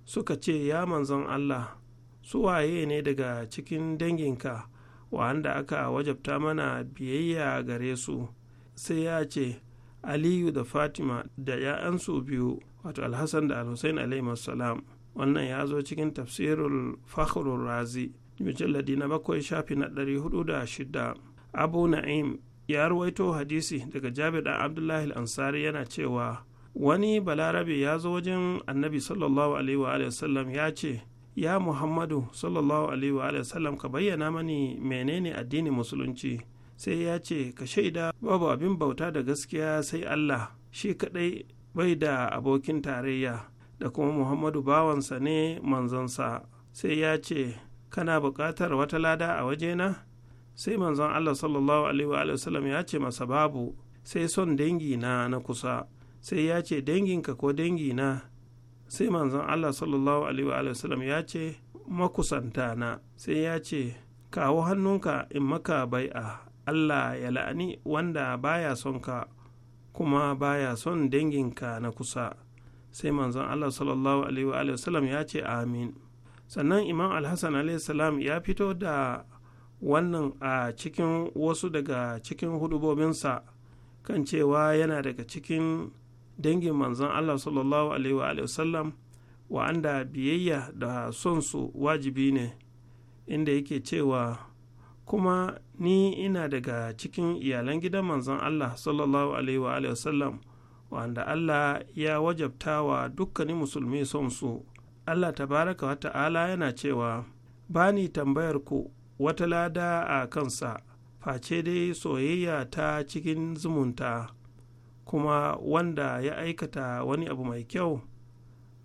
suka ce ya manzon allah su waye ne daga cikin danginka wanda aka wajabta mana biyayya gare su sai ya ce aliyu da fatima da 'ya'yansu biyu wato alhassan da alhussein salam wannan ya zo cikin tafsirul fakhrul razi mujalladi na bakwai shafi na ɗari hudu da shida abu na'im ya ruwaito hadisi daga jabir dan abdullahi ansari yana cewa wani balarabe ya zo wajen annabi sallallahu alaihi wa sallam ya ce ya muhammadu sallallahu alaihi wa sallam ka bayyana mani menene addinin musulunci sai ya ce ka shaida babu abin bauta da gaskiya sai allah shi kadai bai da abokin tarayya da kuma muhammadu bawansa ne manzonsa sai ya ce kana buƙatar wata lada a wajena sai manzon allah sallallahu alaihi wa sallam ya ce masa babu sai son dangi na na kusa sai ya ce danginka ko dangi na sai manzon allah sallallahu alaihi wa wasallam ya ce makusanta na sai ya ce kawo hannunka in maka bai a. allah ya la'ani wanda baya son ka kuma baya son danginka na kusa sai manzon allah sallallahu alaihi wa wasallam ya ce amin sannan imam alhassan salam ya fito da wannan a cikin wasu daga cikin hudubobinsa kan cewa yana daga cikin dangin manzon Allah sallallahu alaihi wa'anda biyayya da son su wajibi ne inda yake cewa kuma ni ina daga cikin iyalan gidan manzon Allah sallallahu alaihi wa'anda Allah ya wajabta wa dukkanin musulmi son su Allah tabaraka wa ta'ala yana cewa ba ni tambayar ku wata lada a kansa face dai soyayya ta cikin zumunta kuma wanda ya aikata wani abu mai kyau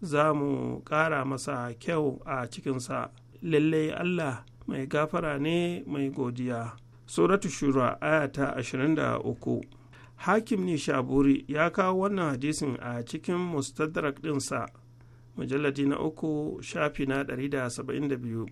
za mu ƙara masa kyau a cikinsa lallai allah mai gafara ne mai godiya suratu shura aya ta 23 hakim nishaburi ya kawo wannan hadisin a cikin mustadrak ɗinsa mujalladi na uku shafi na 172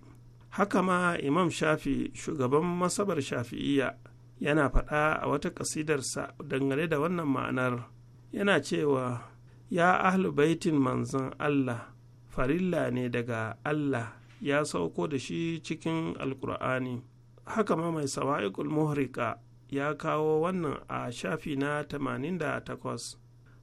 haka ma imam shafi shugaban masabar shafi'iyya yana faɗa a wata ƙasidarsa dangane da wannan ma'anar yana cewa ya ahlu baitin manzon allah farilla ne daga allah ya sauko da shi cikin alkur'ani haka ma mai sawa'ikul muhrika ya kawo wannan a shafi na 88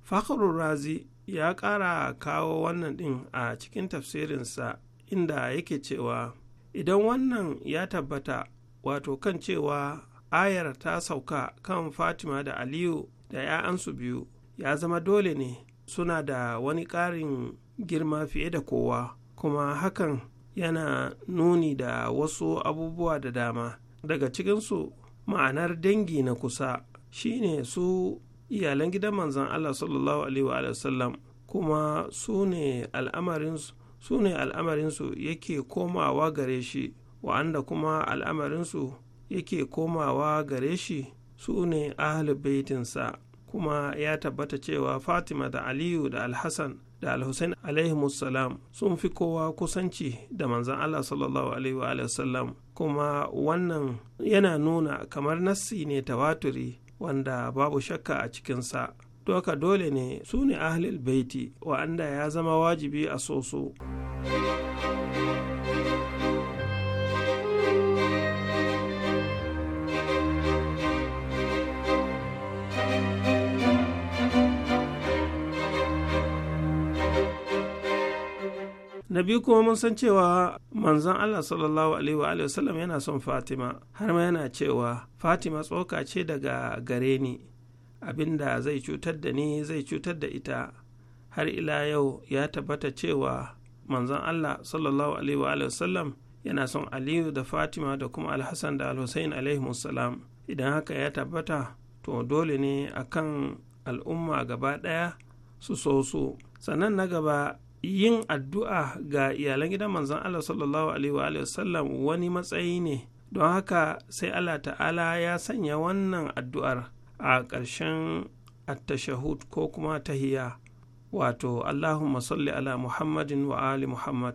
fakarun razi ya ƙara kawo wannan ɗin a cikin tafsirinsa inda yake cewa idan wannan ya tabbata wato kan cewa ayar ta sauka kan fatima da aliyu da 'ya'yansu biyu ya zama dole ne suna da wani ƙarin girma fiye da kowa kuma hakan yana nuni da wasu abubuwa da dama daga cikinsu ma'anar dangi na kusa shine su iyalan gidan manzan Allah sallallahu alaihi sallam kuma su ne al'amarinsu su al'amarinsu yake komawa gare shi wa'anda kuma al'amarinsu yake komawa gare shi su ne baitinsa kuma ya tabbata cewa fatima da aliyu da alhassan da alhussein alaihimussalam sun fi kowa kusanci da manzan allah sallallahu alaihi wa kuma wannan yana nuna kamar nassi ne tawaturi wanda babu shakka a cikinsa doka dole ne su ne ahalibaiti baiti wa'anda ya zama wajibi a soso. na biyu kuma mun san cewa manzon allah sallallahu alaihi wa sallam yana son fatima har ma yana cewa fatima tsoka ce daga gare ni abinda zai cutar da ni zai cutar da ita har ila yau ya tabbata cewa manzon allah sallallahu alaihi wa sallam yana son aliyu da fatima da kuma alhassan da alaihi alaihimussalam idan haka ya tabbata to dole ne akan al'umma gaba ɗaya su so su sannan na gaba yin addu'a ga iyalan gidan manzon Allah sallallahu alaihi wasallam wani matsayi ne don haka sai Allah ta'ala ya sanya wannan addu'ar a ƙarshen attashahud ko kuma tahiya wato Allahumma salli ala Muhammadin wa ali Muhammad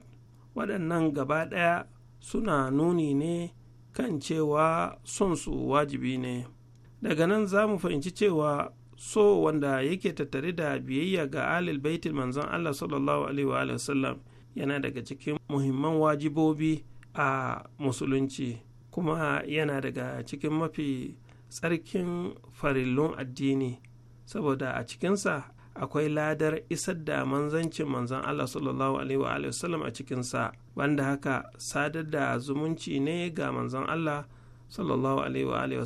waɗannan gaba ɗaya suna nuni ne kan cewa sun su wajibi ne daga nan za mu fahimci cewa so wanda yake tattare da biyayya ga alil baitin manzon Allah sallallahu alaihi wa yana daga cikin muhimman wajibobi a musulunci kuma yana daga cikin mafi tsarkin farillun addini saboda a cikinsa akwai ladar isar da manzancin manzon Allah sallallahu alaihi wa a cikinsa wanda haka sadar da zumunci ne ga manzon Allah sallallahu alaihi wa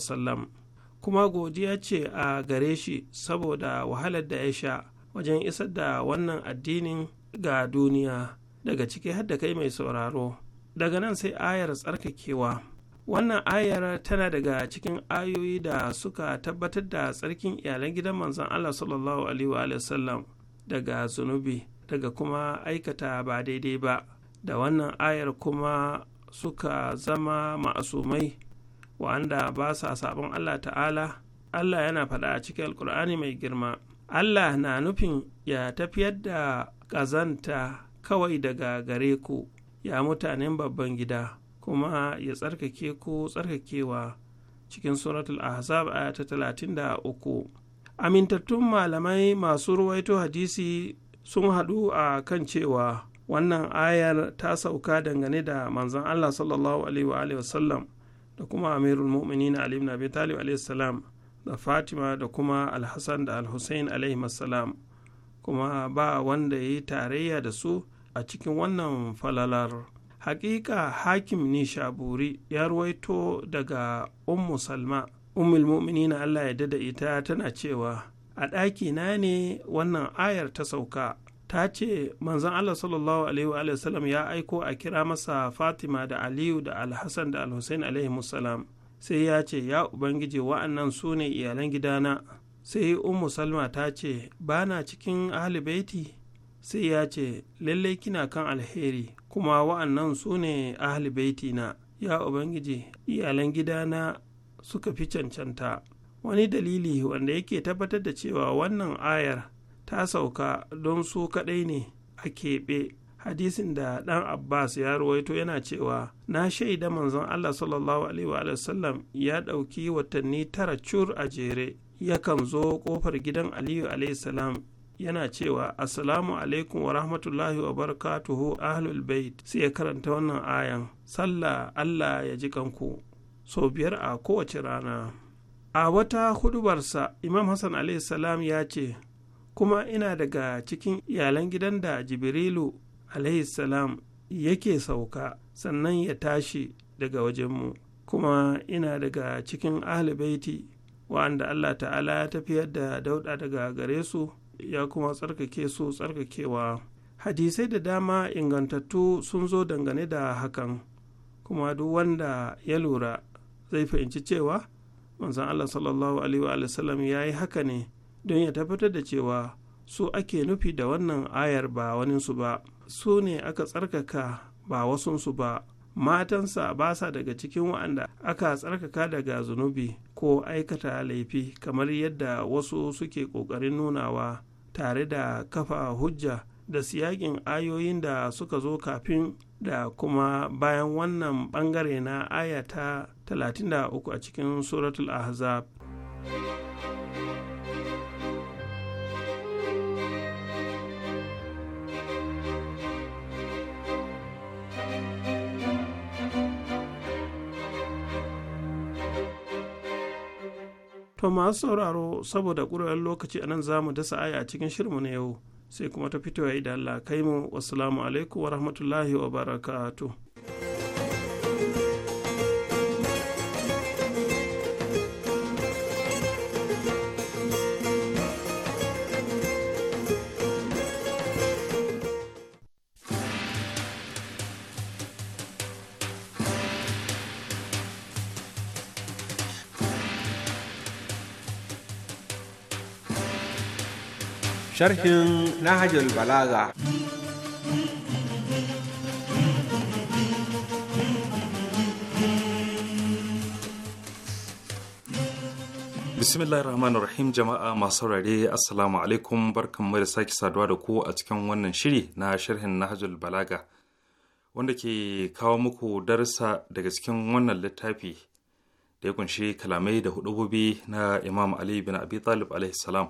kuma godiya ce a gare shi saboda wahalar da ya sha wajen isar da wannan addinin ga duniya daga ciki har kai mai sauraro daga nan sai ayar tsarkakewa wannan ayar tana daga cikin ayoyi da suka tabbatar da tsarkin iyalan gidan manzon Allah sallallahu alaihi daga zunubi daga kuma aikata ba daidai ba da wannan ayar kuma suka zama ma'asumai wanda ba sa sabon Allah ta'ala Allah yana faɗa a cikin alkur'ani mai girma Allah na nufin ya tafiyar da ƙazanta kawai daga gare ku ya mutanen babban gida kuma ya tsarkake ku tsarkakewa cikin suratul ahzab aya ta talatin da uku. amintattun malamai masu ruwaito hadisi sun haɗu a kan cewa wannan ayar ta sauka dangane da manzon Allah sallallahu alaihi wa da kuma amirul mu'minin ali ibn abi talib salam da fatima da kuma alhassan da alhussein alayhi salam kuma ba wanda ya yi tarayya da su a cikin wannan falalar hakika hakim nishaburi ya ruwaito daga ummu salma ummul mu'minin allah ya dada ita tana cewa a ɗakina ne wannan ayar ta sauka ta ce manzon Allah sallallahu alaihi wa ya aiko a kira masa Fatima da Aliyu da Alhassan da Alhussein alaihi musallam sai ya ce ya ubangiji wa'annan su ne iyalan gidana sai ummu salma ta ce ba na cikin ahli baiti sai ya ce lallai kina kan alheri kuma wa'annan su ne ahli baiti na ya ubangiji iyalan gidana suka fi cancanta wani dalili wanda yake tabbatar da cewa wannan ayar ta sauka don su kaɗai ne a keɓe hadisin da ɗan abbas ya ruwaito yana cewa na shaida manzon allah sallallahu alaihi wa sallam ya ɗauki watanni tara cur a jere yakan zo ƙofar gidan aliyu alaihi salam yana cewa assalamu alaikum wa rahmatullahi wa barakatuhu ahlul bait sai ya karanta wannan ayan sallah allah ya ji kanku sau biyar a kowace rana a wata hudubarsa imam hassan alaihi salam ya ce kuma ina daga cikin iyalan gidan da jibrilu salam yake sauka sannan ya tashi daga wajenmu kuma ina daga cikin baiti wa'anda allah ta'ala ya tafiyar da dauda daga gare su ya kuma tsarkake su tsarkakewa hadisai da dama ingantattu sun zo dangane da hakan kuma duk wanda ya lura zai fahimci cewa manzan allah sallallahu alaihi wa sallam ya yi haka ne don ya tabbatar da cewa su ake nufi da wannan ayar ba waninsu ba su ne aka tsarkaka ba wasunsu ba matansa ba sa daga cikin wa'anda aka tsarkaka daga zunubi ko aikata laifi kamar yadda wasu suke ƙoƙarin nunawa tare da kafa hujja da siyakin ayoyin da suka zo kafin da kuma bayan wannan ɓangare na ayata 33 a cikin suratul ahzab. To masu sauraro saboda ƙuraren lokaci anan za mu dasa aya a cikin shirmu na yau sai kuma ta fito ya yi da Allah kai mu wasu alaikum wa rahmatullahi wa barakatuh. sharhin Nahajul Balaga. Bismillahirrahmanirrahim rahman rahim jama'a masu saurare assalamu alaikum barkanmu da sake saduwa da ku a cikin wannan shiri na sharhin Nahajul Balaga wanda ke kawo muku darsa daga cikin wannan littafi da ya kunshi kalamai da hudubobi na Imam Ali bin Abi Talib alaihi salam.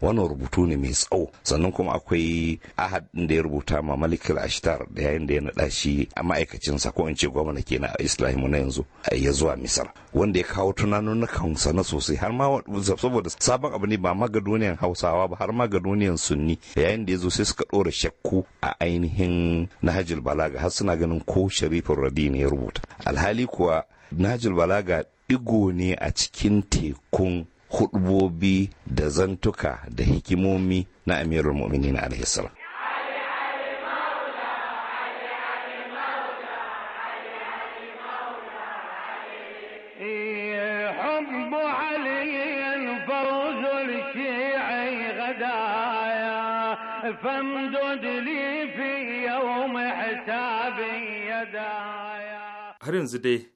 wannan rubutu ne mai tsawo sannan kuma akwai ahad da ya rubuta ma malikul ashtar da yayin da ya naɗa shi a ma'aikacinsa ko in ce gwamna ke a islamu na yanzu ya zuwa misar wanda ya kawo tunanunukan sa na sosai har ma saboda sabon abu ne ba duniyar hausawa ba har ma ga duniyar sunni yayin da ya zo sai suka ɗora shakku a ainihin nahajul balaga har suna ganin ko sharifin radi ne ya rubuta alhali kuwa nahajul balaga digo ne a cikin tekun hudubobi da zantuka da hikimomi na amirul mu'minin alaihissalam فامدد har yanzu dai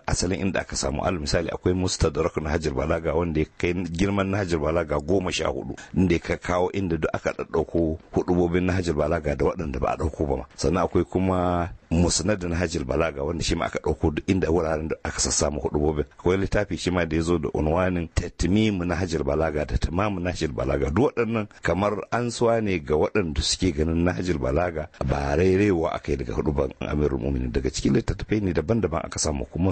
asalin inda aka samu al misali akwai mustadrak na hajar balaga wanda ya kai girman na hajar balaga goma sha hudu inda ka kawo inda duk aka ɗaɗɗauko hudubobin na hajar balaga da waɗanda ba a ɗauko ba sannan akwai kuma musnadin hajjil balaga wanda shi ma aka ɗauko duk inda wuraren da aka sassamu hudubobin akwai littafi shi ma da ya zo da unwanin tatmimu na hajjil balaga da tamamu na hajjil balaga duk waɗannan kamar an suwa ne ga waɗanda suke ganin na hajjil balaga ba rairewa aka yi daga hudubar amirul muminin daga cikin littattafai ne daban-daban aka samu kuma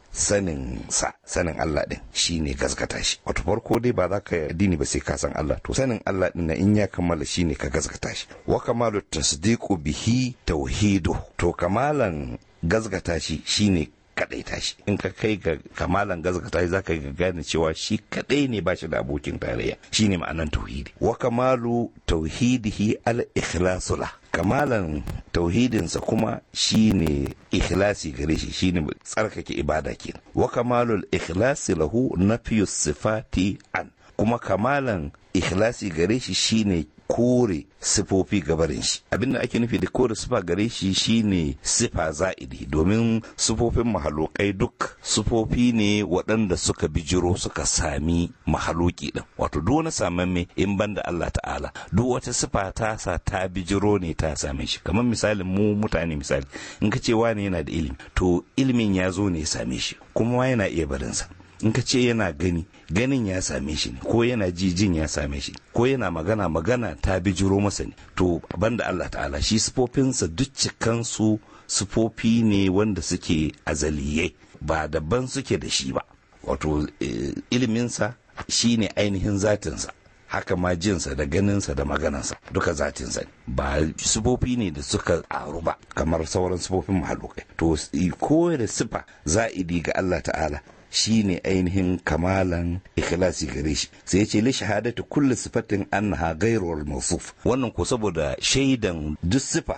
sanin sa sanin Allah din shine gaskata shi wato farko dai ba za ka addini ba sai ka san Allah to sanin Allah din na in ya kammala shine ka gaskata shi wa kamalu tasdiqu bihi tauhidu to kamalan gaskata shi shine kadaita shi in ka kai ga kamalan gaskata shi zaka ga gane cewa shi kadai ne ba shi da abokin tarayya shine ma'anan tauhidi wa kamalu tauhidihi al-ikhlasu kamalan tauhidinsa kuma shine ikhlasi gare shi shine tsarkake ibada ke wa kamalul ikhlasi lahu nafiyus sifati an kuma kamalan ikhlasi gare shi shine kore sifofi gabarin shi abinda ake nufi da kore sifa gare shi shine sifa za'idi domin sifofin mahalokai duk sifofi ne waɗanda suka bijiro suka sami mahaloki din wato duk wani samamme in banda Allah ta'ala duk wata sifa ta sa ta bijiro ne ta same shi kamar misalin mu mutane misali in ka ce wani yana da ilimi to ilimin ya zo ne ya same shi kuma yana iya barinsa in ka ce yana gani ganin ya same shi ko yana jijin ya same shi ko yana magana magana ta bijiro masa ne to banda Allah ta'ala shi sufofinsa duk cikansu sufofi ne wanda suke azaliye ba daban suke da shi ba wato eh, iliminsa shi ne ainihin zatinsa haka ma jinsa da ganinsa da maganansa duka zatinsa ne ba sufofi ne da suka aru ba kamar sauran sufofin mahalukai to ko da sifa za'idi ga Allah ta'ala shi ne ainihin kamalan ikhlasi gare shi sai ce li shahadatu kulli sifatin annaha ghayrul mawsuf wannan ko saboda shaidan duk sifa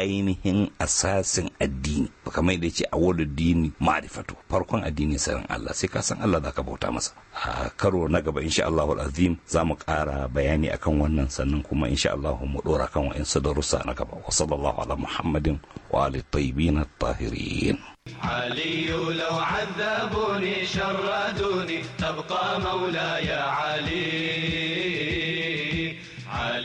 ainihin asasin addini kamar da ce a wadda dini marifato farkon addini sanin Allah sai ka san Allah zaka bauta masa a karo na gaba insha Allahu azim za mu kara bayani akan wannan sannan kuma insha Allahu mu dora kan da darussa na gaba wa sallallahu ala muhammadin wa ali tayyibin tahirin علي لو عذبوني شردوني تبقى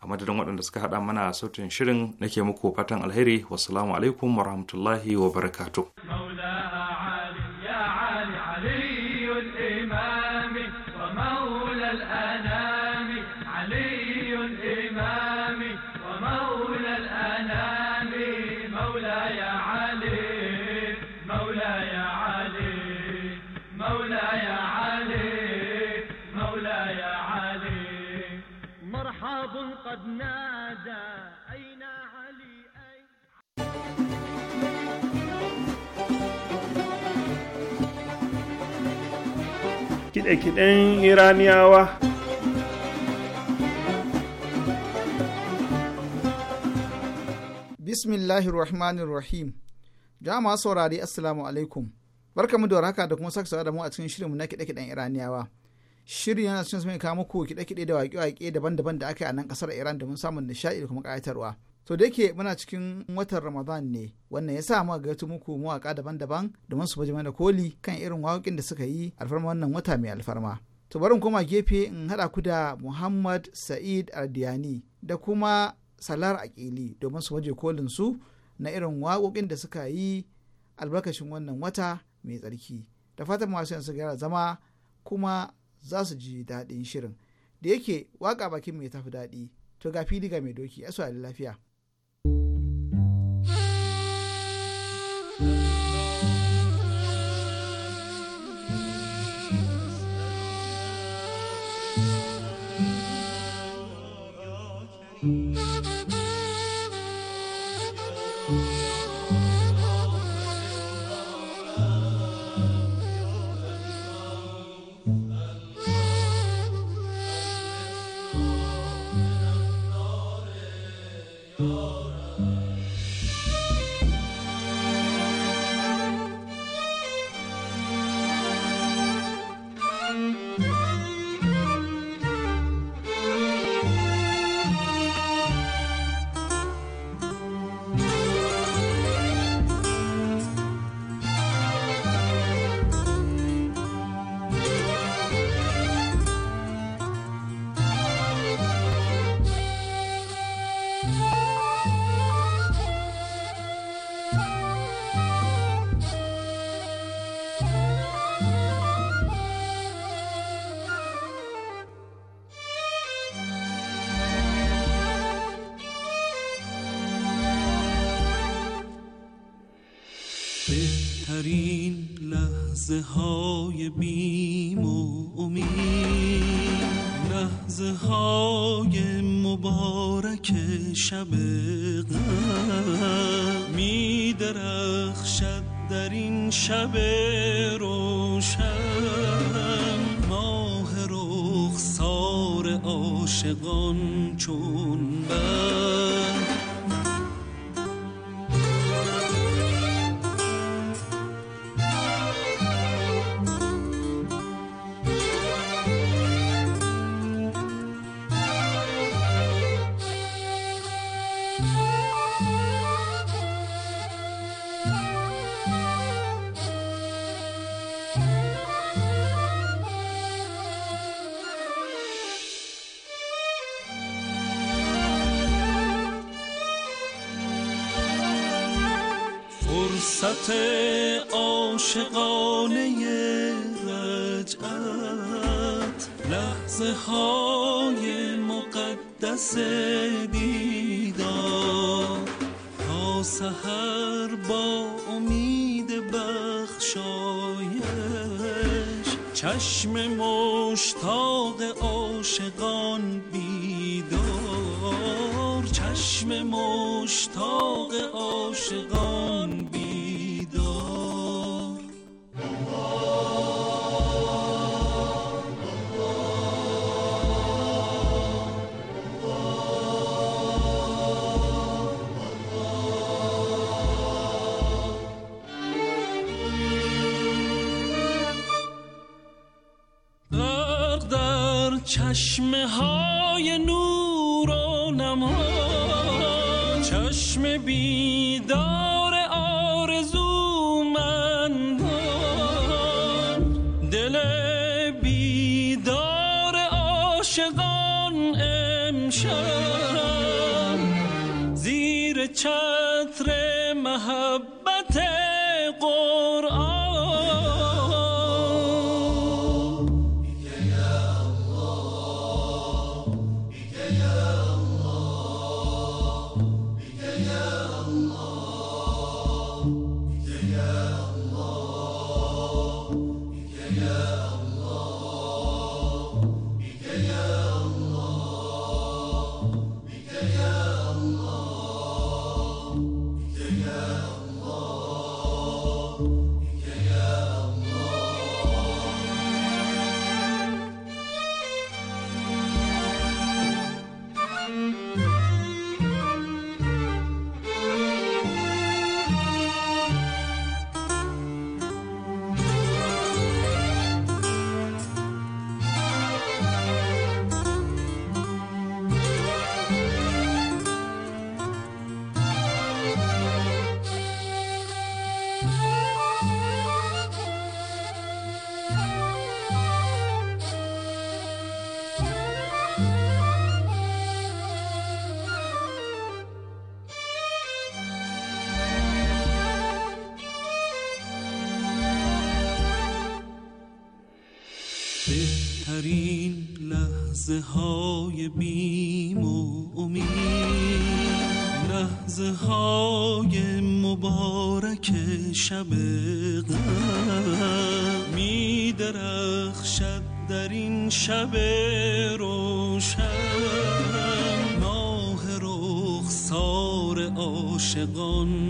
a madadin waɗanda suka haɗa mana sautin shirin na ke muku fatan alheri wasalamu alaikum wa rahmatullahi wa barakatu kiɗe-kiɗen iraniyawa bismillahir rahmanir rahim jama'a saurari assalamu alaikum barkamu da haka da kuma saka da mu a cikin mu na kiɗe-kiɗen iraniyawa shirin yana cikin sun kawo muku kiɗe-kiɗe da waƙe-waƙe daban-daban da aka yi a nan ƙasar iran domin samun nishaɗi da kuma ƙayatarwa to da yake muna cikin watan ramadan ne wannan ya sa muka gaito muku mawaka daban-daban domin su baje mana koli kan irin wakokin da suka yi alfarma wannan wata mai alfarma to bari koma gefe in haɗa ku da muhammad sa'id ardiyani da kuma salar aƙili domin su baje kolin su na irin waƙoƙin da suka yi albarkacin wannan wata mai tsarki da fatan masu yansu gyara zama kuma za su ji daɗin shirin da yake waƙa bakin mai tafi daɗi to ga fili ga mai doki a lafiya. شب غم می درخشد در این شب روشن ماه رخ سار عاشقان چون بر listen. لحظه های بیم و امید لحظه های مبارک شب غم می در این شب روشن ماه رخسار عاشقان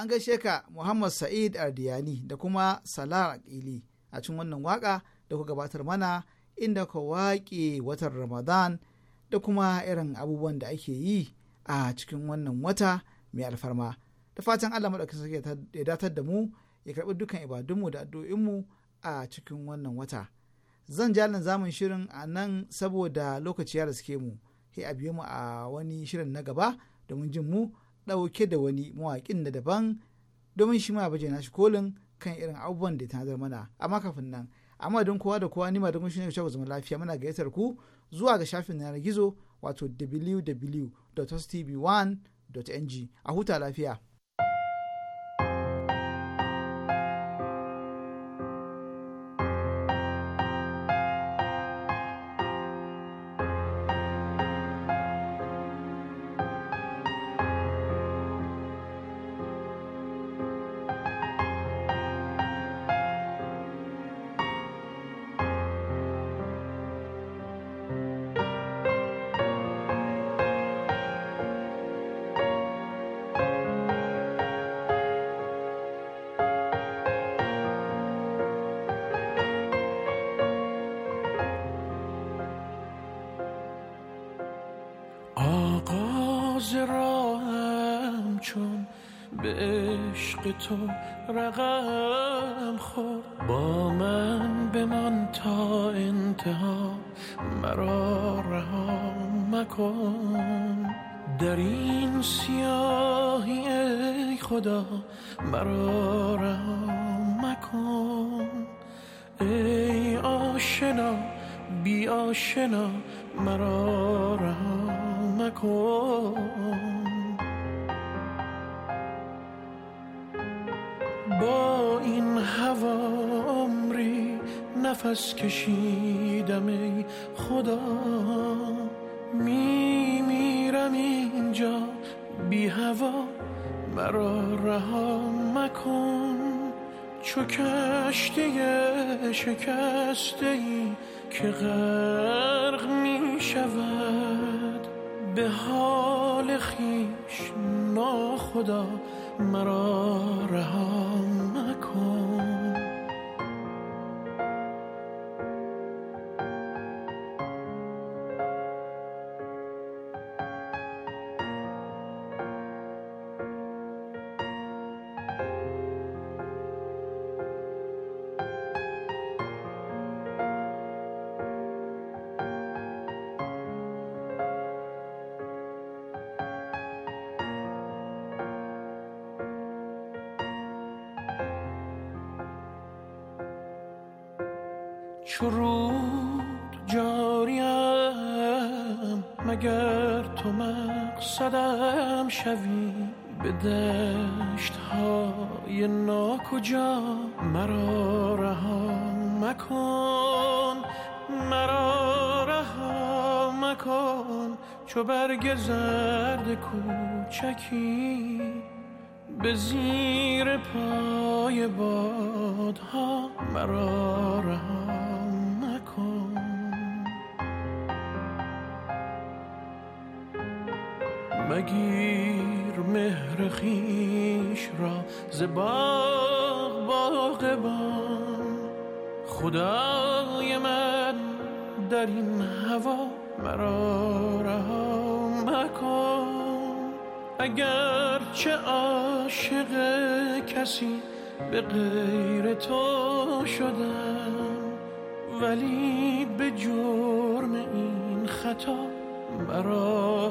an gaishe ka Muhammad Sa'id Ardiyani da kuma Salah Aqili a cikin wannan waka da ku gabatar mana inda ka waƙe watan Ramadan da kuma irin abubuwan da ake yi a cikin wannan wata mai alfarma. Da fatan Allah maɗauki sarki ya datar da mu ya karɓi dukkan ibadunmu da addu'o'inmu a cikin wannan wata. Zan nan zamun shirin a nan saboda lokaci ya riske mu. Sai a biyo mu a wani shirin na gaba domin jin mu ɗauke da wani mawaƙin na daban domin shi ma baje na shi kolin kan irin abubuwan da tanadar mana amma kafin nan amma don kowa da kowa nima ma don shi ne ku zama lafiya muna gayyatar ku zuwa ga shafin na gizo wato www.tv1.ng a huta lafiya. عشق تو رقم خور با من بمان تا انتها مرا رها مکن در این سیاهی ای خدا مرا رها مکن ای آشنا بی آشنا مرا رها مکن با این هوا عمری نفس کشیدم ای خدا می میرم اینجا بی هوا مرا رها مکن چو کشتی شکسته ای که غرق می شود به حال خیش ناخدا مرا رها مکن برگ زرد کوچکی به زیر پای بادها مرا رها نکن مگیر مهر خیش را ز باغ باغبان خدای من در این هوا مرا رها مکن اگر چه عاشق کسی به غیر تو شدم ولی به جرم این خطا مرا